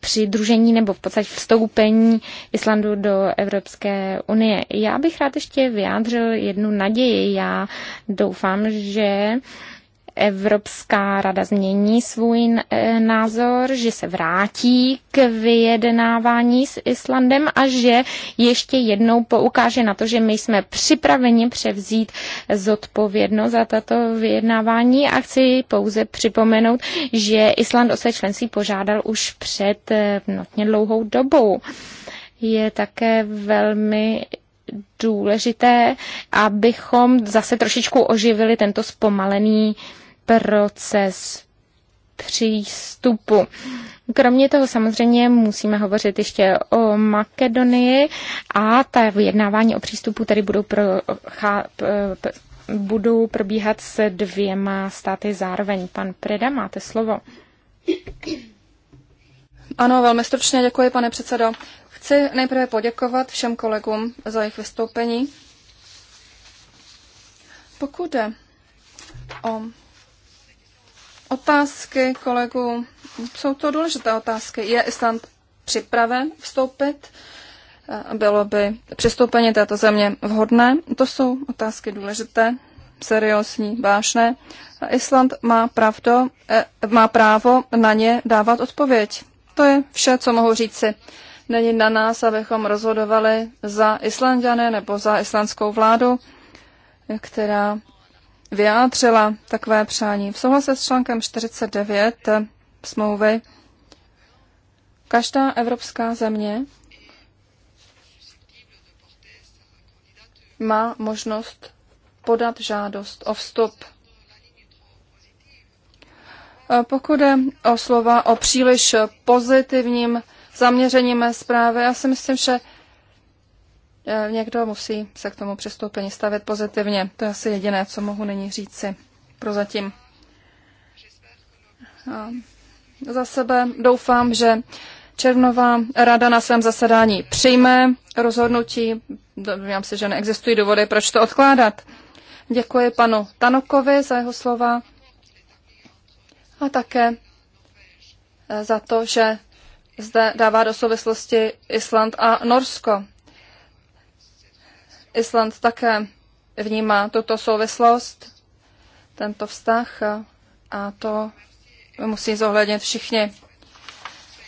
přidružení nebo v podstatě vstoupení Islandu do Evropské unie. Já bych rád ještě vyjádřil jednu naději. Já doufám, že Evropská rada změní svůj e, názor, že se vrátí k vyjednávání s Islandem a že ještě jednou poukáže na to, že my jsme připraveni převzít zodpovědnost za tato vyjednávání a chci pouze připomenout, že Island o své členství požádal už před e, notně dlouhou dobou. Je také velmi důležité, abychom zase trošičku oživili tento zpomalený proces přístupu. Kromě toho samozřejmě musíme hovořit ještě o Makedonii a ta vyjednávání o přístupu tady budou pro, chá, budou probíhat s dvěma státy zároveň. Pan Preda, máte slovo. Ano, velmi stručně děkuji, pane předsedo. Chci nejprve poděkovat všem kolegům za jejich vystoupení. Pokud jde o otázky kolegu, Jsou to důležité otázky. Je Island připraven vstoupit? Bylo by přistoupení této země vhodné? To jsou otázky důležité, seriózní, vážné. Island má, pravdo, eh, má právo na ně dávat odpověď. To je vše, co mohu říci. Není na nás, abychom rozhodovali za Islandiany nebo za islandskou vládu, která vyjádřila takové přání. V souhlase s článkem 49 smlouvy každá evropská země má možnost podat žádost o vstup. Pokud je o slova o příliš pozitivním zaměření mé zprávy, já si myslím, že E, někdo musí se k tomu přistoupení stavět pozitivně. To je asi jediné, co mohu nyní říci prozatím. A za sebe doufám, že Červnová rada na svém zasedání přijme rozhodnutí. Domnívám se, že neexistují důvody, proč to odkládat. Děkuji panu Tanokovi za jeho slova a také e, za to, že zde dává do souvislosti Island a Norsko. Island také vnímá tuto souvislost, tento vztah a to musí zohlednit všichni.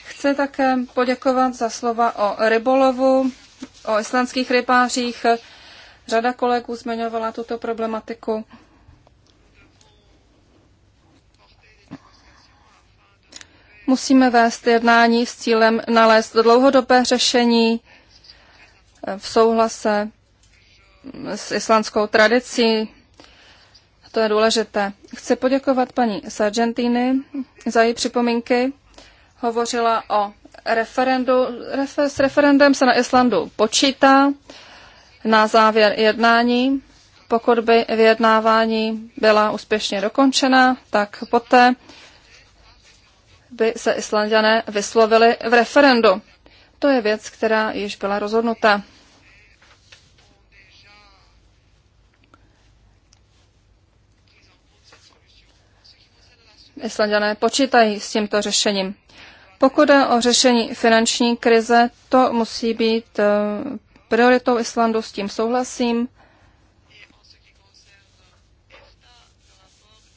Chci také poděkovat za slova o rybolovu, o islandských rybářích. Řada kolegů zmiňovala tuto problematiku. Musíme vést jednání s cílem nalézt dlouhodobé řešení v souhlase s islandskou tradicí. To je důležité. Chci poděkovat paní Sargentini za její připomínky. Hovořila o referendu. Refer, s referendem se na Islandu počítá na závěr jednání. Pokud by vyjednávání byla úspěšně dokončena, tak poté by se Islandiané vyslovili v referendu. To je věc, která již byla rozhodnuta. Islandané počítají s tímto řešením. Pokud je o řešení finanční krize, to musí být eh, prioritou Islandu, s tím souhlasím.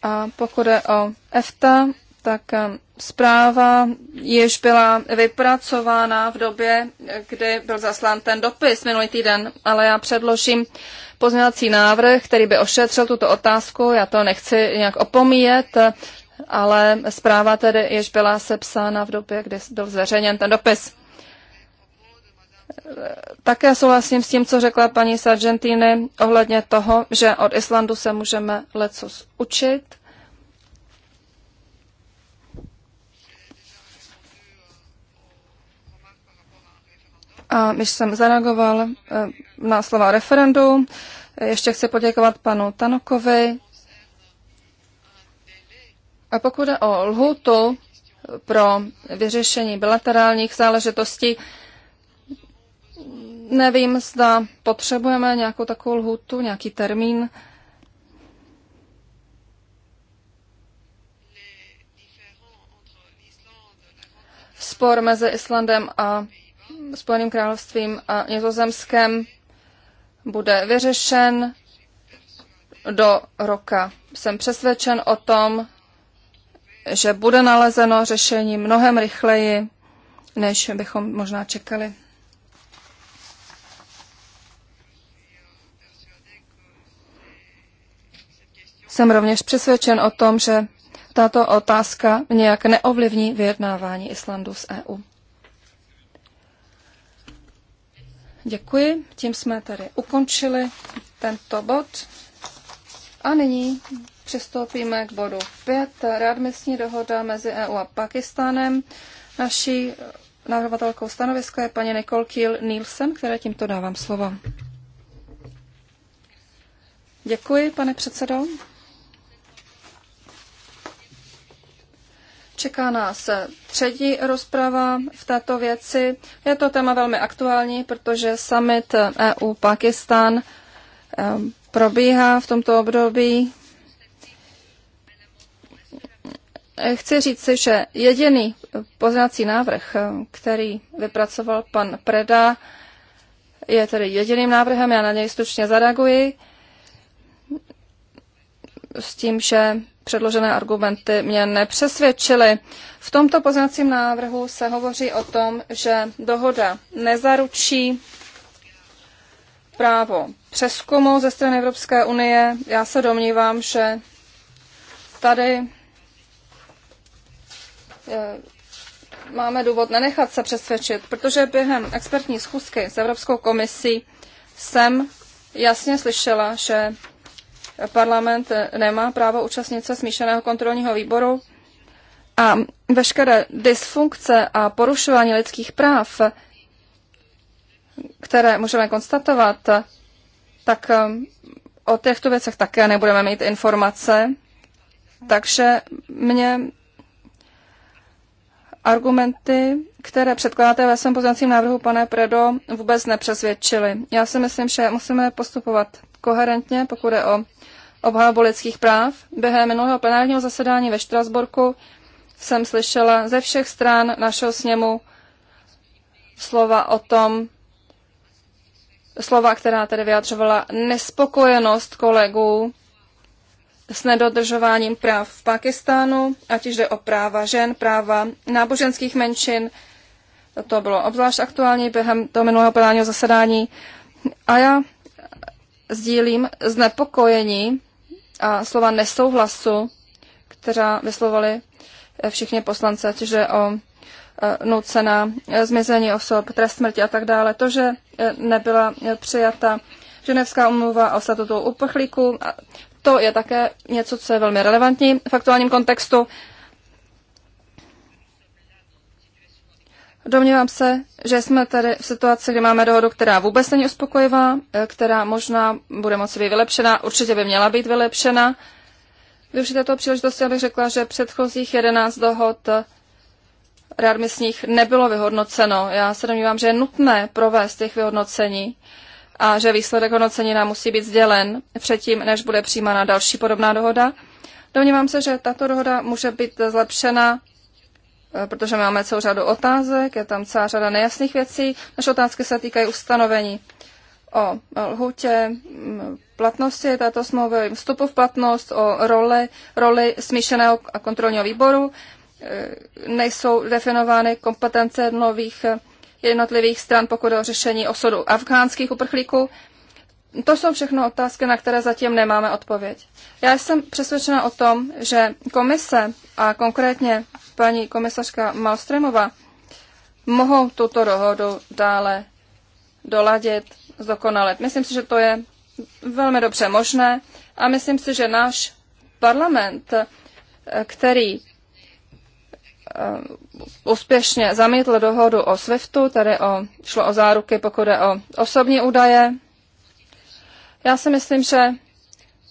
A pokud je o EFTA, tak eh, zpráva již byla vypracována v době, kdy byl zaslán ten dopis minulý týden, ale já předložím pozměňovací návrh, který by ošetřil tuto otázku. Já to nechci nějak opomíjet ale zpráva tedy již byla sepsána v době, kdy byl zveřejněn ten dopis. Také souhlasím s tím, co řekla paní z ohledně toho, že od Islandu se můžeme lecos učit. A když jsem zareagoval eh, na slova referendu, ještě chci poděkovat panu Tanokovi a pokud je o lhutu pro vyřešení bilaterálních záležitostí, nevím, zda potřebujeme nějakou takovou lhutu, nějaký termín. Spor mezi Islandem a Spojeným královstvím a Nizozemskem bude vyřešen do roka. Jsem přesvědčen o tom, že bude nalezeno řešení mnohem rychleji, než bychom možná čekali. Jsem rovněž přesvědčen o tom, že tato otázka nějak neovlivní vyjednávání Islandu s EU. Děkuji, tím jsme tady ukončili tento bod. A nyní Přistoupíme k bodu 5. Readmisní dohoda mezi EU a Pakistánem. Naší navrhovatelkou stanoviska je paní Nicole Kiel Nielsen, které tímto dávám slovo. Děkuji, pane předsedo. Čeká nás třetí rozprava v této věci. Je to téma velmi aktuální, protože summit EU-Pakistan eh, probíhá v tomto období Chci říct, že jediný poznací návrh, který vypracoval pan Preda, je tedy jediným návrhem, já na něj stručně zareaguji, s tím, že předložené argumenty mě nepřesvědčily. V tomto poznacím návrhu se hovoří o tom, že dohoda nezaručí právo přeskumu ze strany Evropské unie. Já se domnívám, že tady Eh, máme důvod nenechat se přesvědčit, protože během expertní schůzky s Evropskou komisí jsem jasně slyšela, že parlament eh, nemá právo účastnit se smíšeného kontrolního výboru a veškeré dysfunkce a porušování lidských práv, které můžeme konstatovat, tak eh, o těchto věcech také nebudeme mít informace. Takže mě argumenty, které předkládáte ve svém poznacím návrhu, pane Predo, vůbec nepřesvědčily. Já si myslím, že musíme postupovat koherentně, pokud je o obhábu lidských práv. Během minulého plenárního zasedání ve Štrasburku jsem slyšela ze všech stran našeho sněmu slova o tom, slova, která tedy vyjadřovala nespokojenost kolegů s nedodržováním práv v Pakistánu, ať jde o práva žen, práva náboženských menšin. To bylo obzvlášť aktuální během toho minulého plenárního zasedání. A já sdílím znepokojení a slova nesouhlasu, která vyslovali eh, všichni poslanci, ať jde o eh, nucená eh, zmizení osob, trest smrti a tak dále. To, že nebyla přijata Ženevská umluva o statutu uprchlíků, to je také něco, co je velmi relevantní v aktuálním kontextu. Domnívám se, že jsme tady v situaci, kdy máme dohodu, která vůbec není uspokojivá, eh, která možná bude moci být vylepšena, určitě by měla být vylepšena. Využít této příležitosti, abych řekla, že předchozích 11 dohod eh, readmisních nebylo vyhodnoceno. Já se domnívám, že je nutné provést těch vyhodnocení a že výsledek hodnocení nám musí být sdělen předtím, než bude přijímána další podobná dohoda. Domnívám se, že tato dohoda může být zlepšena, eh, protože máme celou řadu otázek, je tam celá řada nejasných věcí. Naše otázky se týkají ustanovení o lhutě mm, platnosti této smlouvy, vstupu v platnost, o roli, roli smíšeného a kontrolního výboru. Eh, nejsou definovány kompetence nových eh, jednotlivých stran, pokud o řešení osudu afgánských uprchlíků. To jsou všechno otázky, na které zatím nemáme odpověď. Já jsem přesvědčena o tom, že komise a konkrétně paní komisařka Malstremova mohou tuto dohodu dále doladit, zdokonalit. Myslím si, že to je velmi dobře možné a myslím si, že náš parlament, který Eh, úspěšně zamítl dohodu o SWIFTu, tedy o, šlo o záruky, pokud je o osobní údaje. Já si myslím, že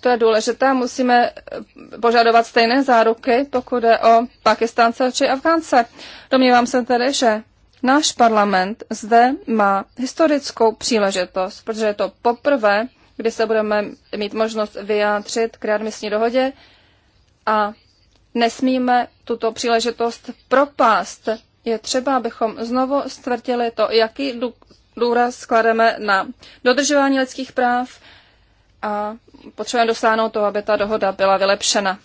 to je důležité. Musíme eh, požadovat stejné záruky, pokud je o Pakistánce či Afgánce. Domnívám se tedy, že náš parlament zde má historickou příležitost, protože je to poprvé, kdy se budeme mít možnost vyjádřit k readmisní dohodě a Nesmíme tuto příležitost propást. Je třeba, abychom znovu stvrdili to, jaký důraz sklademe na dodržování lidských práv a potřebujeme dosáhnout toho, aby ta dohoda byla vylepšena.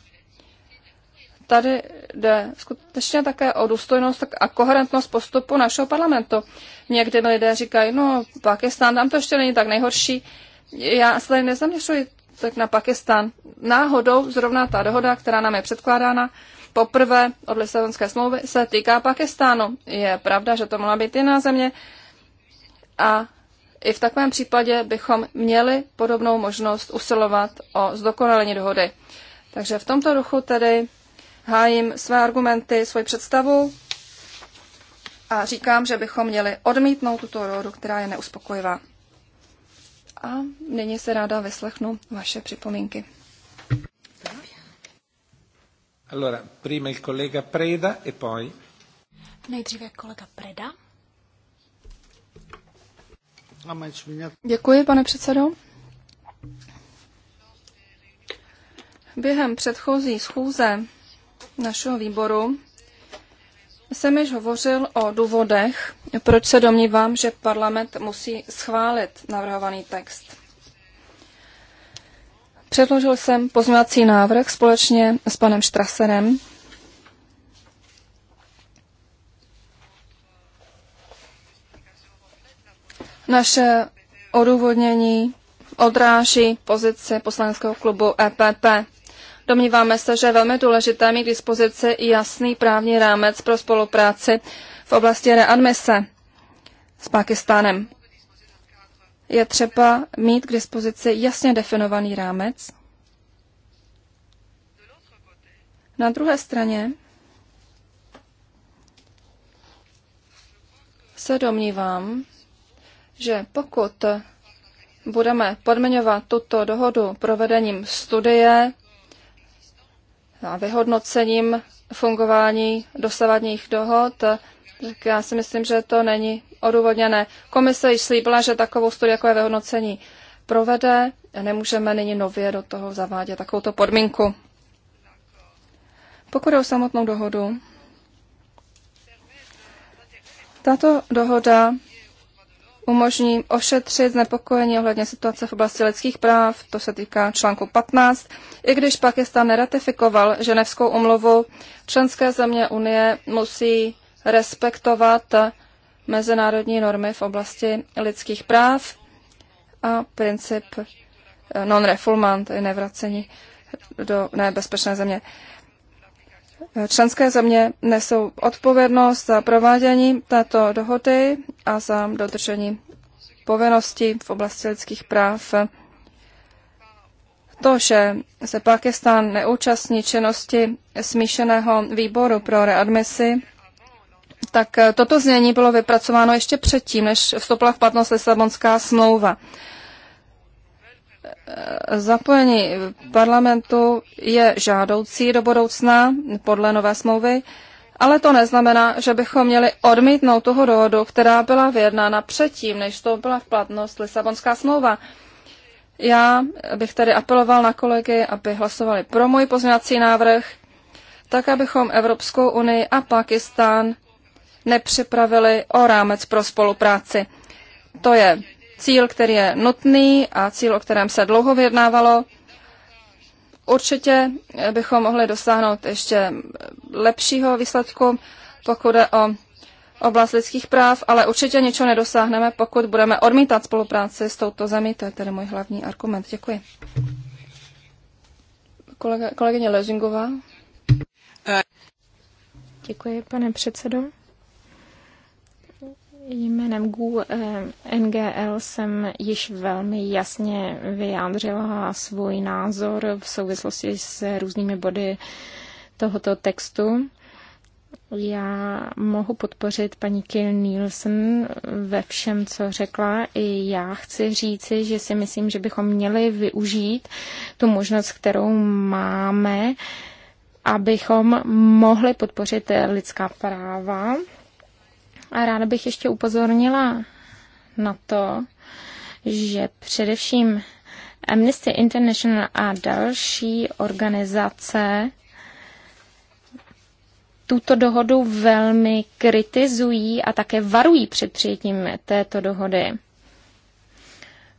Tady jde skutečně také o důstojnost a koherentnost postupu našeho parlamentu. Někdy mi lidé říkají, no, Pakistán, tam to ještě není tak nejhorší. Já se tady nezaměřuji tak na Pakistan. Náhodou zrovna ta dohoda, která nám je předkládána, poprvé od Lisabonské smlouvy se týká Pakistánu. Je pravda, že to mohla být jiná země a i v takovém případě bychom měli podobnou možnost usilovat o zdokonalení dohody. Takže v tomto duchu tedy hájím své argumenty, svoji představu a říkám, že bychom měli odmítnout tuto dohodu, která je neuspokojivá a nyní se ráda vyslechnu vaše připomínky. Allora, prima il collega Preda e poi... Nejdříve kolega Preda. Děkuji, pane předsedo. Během předchozí schůze našeho výboru jsem již hovořil o důvodech, proč se domnívám, že parlament musí schválit navrhovaný text. Předložil jsem pozměňovací návrh společně s panem Štraserem. Naše odůvodnění odráží pozici poslaneckého klubu EPP. Domníváme se, že je velmi důležité mít k dispozici i jasný právní rámec pro spolupráci v oblasti readmise s Pakistánem. Je třeba mít k dispozici jasně definovaný rámec. Na druhé straně se domnívám, že pokud budeme podmiňovat tuto dohodu provedením studie No a vyhodnocením fungování dosavadních dohod, tak já si myslím, že to není odůvodněné. Komise již slíbila, že takovou studii, jako je vyhodnocení, provede. Nemůžeme nyní nově do toho zavádět takovouto podmínku. Pokud je o samotnou dohodu, tato dohoda umožní ošetřit znepokojení ohledně situace v oblasti lidských práv, to se týká článku 15. I když Pakistan neratifikoval ženevskou umluvu, členské země Unie musí respektovat mezinárodní normy v oblasti lidských práv a princip non-refoulement, nevracení do nebezpečné země. Členské země nesou odpovědnost za provádění této dohody a za dodržení povinností v oblasti lidských práv. To, že se Pakistán neúčastní činnosti smíšeného výboru pro readmisi, tak toto znění bylo vypracováno ještě předtím, než vstoupila v platnost Lisabonská smlouva zapojení parlamentu je žádoucí do budoucna podle nové smlouvy, ale to neznamená, že bychom měli odmítnout toho dohodu, která byla vyjednána předtím, než byla v platnost Lisabonská smlouva. Já bych tedy apeloval na kolegy, aby hlasovali pro můj pozměňovací návrh, tak abychom Evropskou unii a Pakistán nepřipravili o rámec pro spolupráci. To je cíl, který je nutný a cíl, o kterém se dlouho vyjednávalo. Určitě bychom mohli dosáhnout ještě lepšího výsledku, pokud je o oblast lidských práv, ale určitě ničeho nedosáhneme, pokud budeme odmítat spolupráci s touto zemí. To je tedy můj hlavní argument. Děkuji. Kolega, kolegyně Lezingová. Děkuji, pane předsedo. Jménem GU eh, NGL jsem již velmi jasně vyjádřila svůj názor v souvislosti s různými body tohoto textu. Já mohu podpořit paní Kill Nielsen ve všem, co řekla. I já chci říci, že si myslím, že bychom měli využít tu možnost, kterou máme, abychom mohli podpořit lidská práva a ráda bych ještě upozornila na to, že především Amnesty International a další organizace tuto dohodu velmi kritizují a také varují před přijetím této dohody.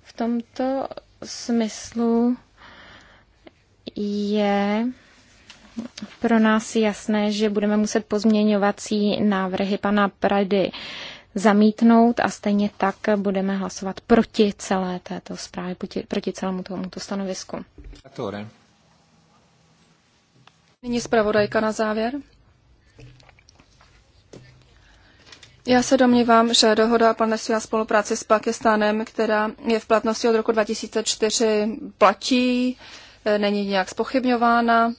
V tomto smyslu je pro nás jasné, že budeme muset pozměňovací návrhy pana Prady zamítnout a stejně tak budeme hlasovat proti celé této zprávě, proti, proti celému tomuto stanovisku. Nyní zpravodajka na závěr. Já se domnívám, že dohoda o partnerství a spolupráci s Pakistánem, která je v platnosti od roku 2004, platí, není nějak spochybňována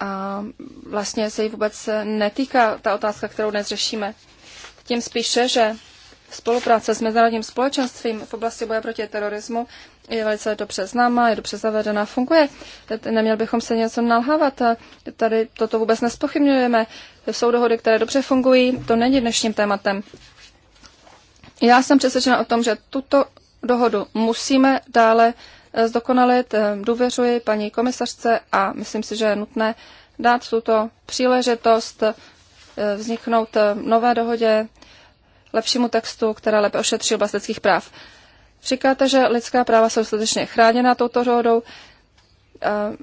a vlastně se jí vůbec netýká ta otázka, kterou dnes řešíme. Tím spíše, že spolupráce s mezinárodním společenstvím v oblasti boje proti terorismu je velice dobře známa, je dobře zavedena, funguje. Neměl bychom se něco nalhávat. Tady toto vůbec nespochybňujeme. Jsou dohody, které dobře fungují, to není dnešním tématem. Já jsem přesvědčena o tom, že tuto dohodu musíme dále zdokonalit. Eh, důvěřuji paní komisařce a myslím si, že je nutné dát tuto příležitost eh, vzniknout eh, nové dohodě, lepšímu textu, která lépe ošetří oblast lidských práv. Říkáte, že lidská práva jsou dostatečně chráněna touto dohodou.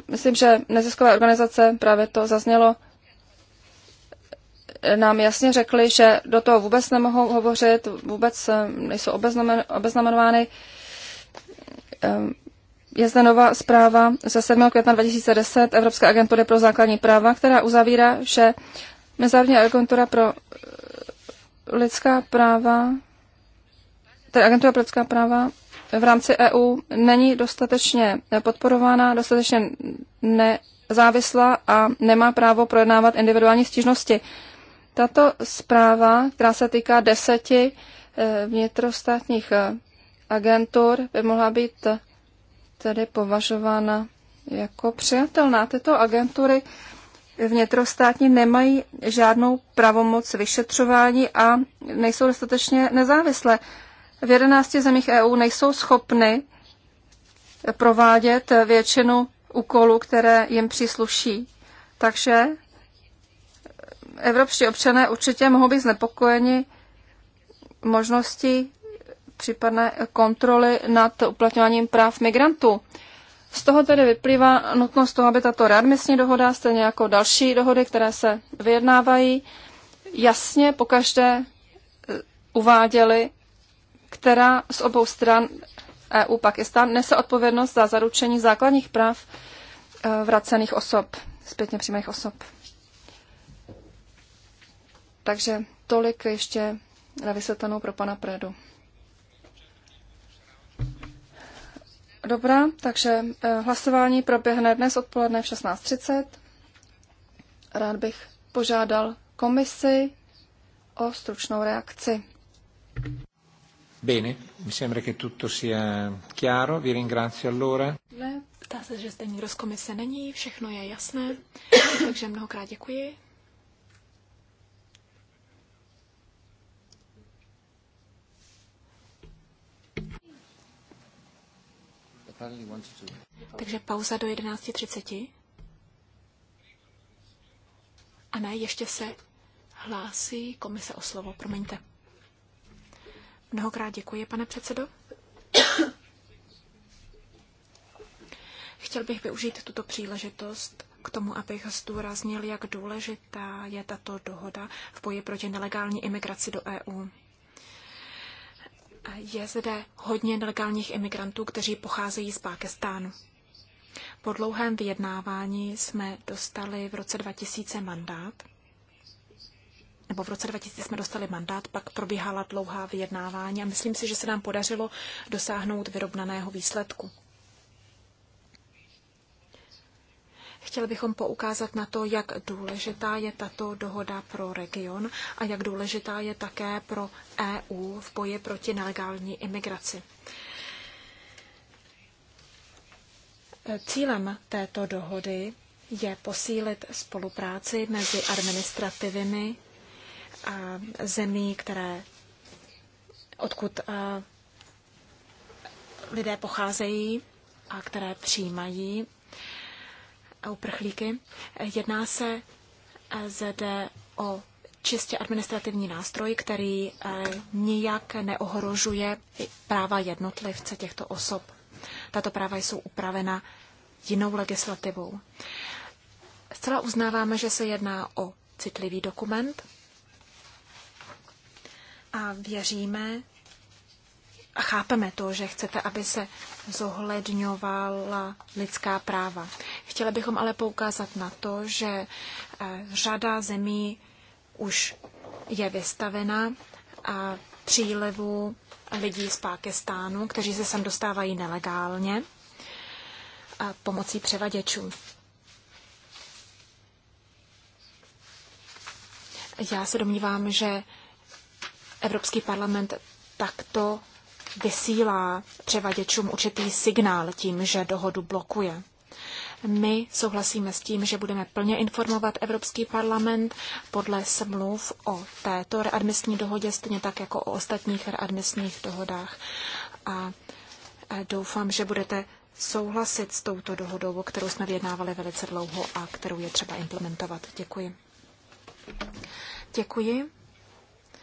Myslím, že neziskové organizace, právě to zaznělo, nám jasně řekli, že do toho vůbec nemohou hovořit, vůbec nejsou obeznamenovány. Je zde nová zpráva ze 7. května 2010 Evropské agentury pro základní práva, která uzavírá, že Mezinárodní agentura pro eh, lidská práva, tedy agentura pro lidská práva v rámci EU není dostatečně eh, podporována, dostatečně nezávislá a nemá právo projednávat individuální stížnosti. Tato zpráva, která se týká deseti eh, vnitrostátních agentur, by mohla být tedy považována jako přijatelná. Tyto agentury vnitrostátní nemají žádnou pravomoc vyšetřování a nejsou dostatečně nezávislé. V 11 zemích EU nejsou schopny provádět většinu úkolů, které jim přísluší. Takže evropští občané určitě mohou být znepokojeni možností případné kontroly nad uplatňováním práv migrantů. Z toho tedy vyplývá nutnost toho, aby tato readmisní dohoda, stejně jako další dohody, které se vyjednávají, jasně pokaždé eh, uváděly, která z obou stran EU Pakistan nese odpovědnost za zaručení základních práv eh, vracených osob, zpětně přímých osob. Takže tolik ještě na vysvětlenou pro pana Predu. Dobrá, takže eh, hlasování proběhne dnes odpoledne v 16.30. Rád bych požádal komisi o stručnou reakci. Bene, mi sembra che tutto sia chiaro, vi ringrazio allora. Ne, ptá se, že zde nikdo z komise není, všechno je jasné, takže mnohokrát děkuji. Takže pauza do 11.30. A ne, ještě se hlásí komise o slovo. Promiňte. Mnohokrát děkuji, pane předsedo. Chtěl bych využít tuto příležitost k tomu, abych zdůraznil, jak důležitá je tato dohoda v boji proti nelegální imigraci do EU je zde hodně nelegálních imigrantů, kteří pocházejí z Pákistánu. Po dlouhém vyjednávání jsme dostali v roce 2000 mandát, nebo v roce 2000 jsme dostali mandát, pak probíhala dlouhá vyjednávání a myslím si, že se nám podařilo dosáhnout vyrovnaného výsledku. Chtěli bychom poukázat na to, jak důležitá je tato dohoda pro region a jak důležitá je také pro EU v boji proti nelegální imigraci. Cílem této dohody je posílit spolupráci mezi administrativymi a zemí, které odkud lidé pocházejí a které přijímají uprchlíky. Jedná se eh, zde o čistě administrativní nástroj, který eh, nijak neohrožuje práva jednotlivce těchto osob. Tato práva jsou upravena jinou legislativou. Zcela uznáváme, že se jedná o citlivý dokument a věříme, a chápeme to, že chcete, aby se zohledňovala lidská práva. Chtěli bychom ale poukázat na to, že eh, řada zemí už je vystavena a přílevu lidí z Pákistánu, kteří se sem dostávají nelegálně a pomocí převaděčů. Já se domnívám, že Evropský parlament takto vysílá převaděčům určitý signál tím, že dohodu blokuje. My souhlasíme s tím, že budeme plně informovat Evropský parlament podle smluv o této readmisní dohodě, stejně tak jako o ostatních readmisních dohodách. A doufám, že budete souhlasit s touto dohodou, kterou jsme vyjednávali velice dlouho a kterou je třeba implementovat. Děkuji. Děkuji.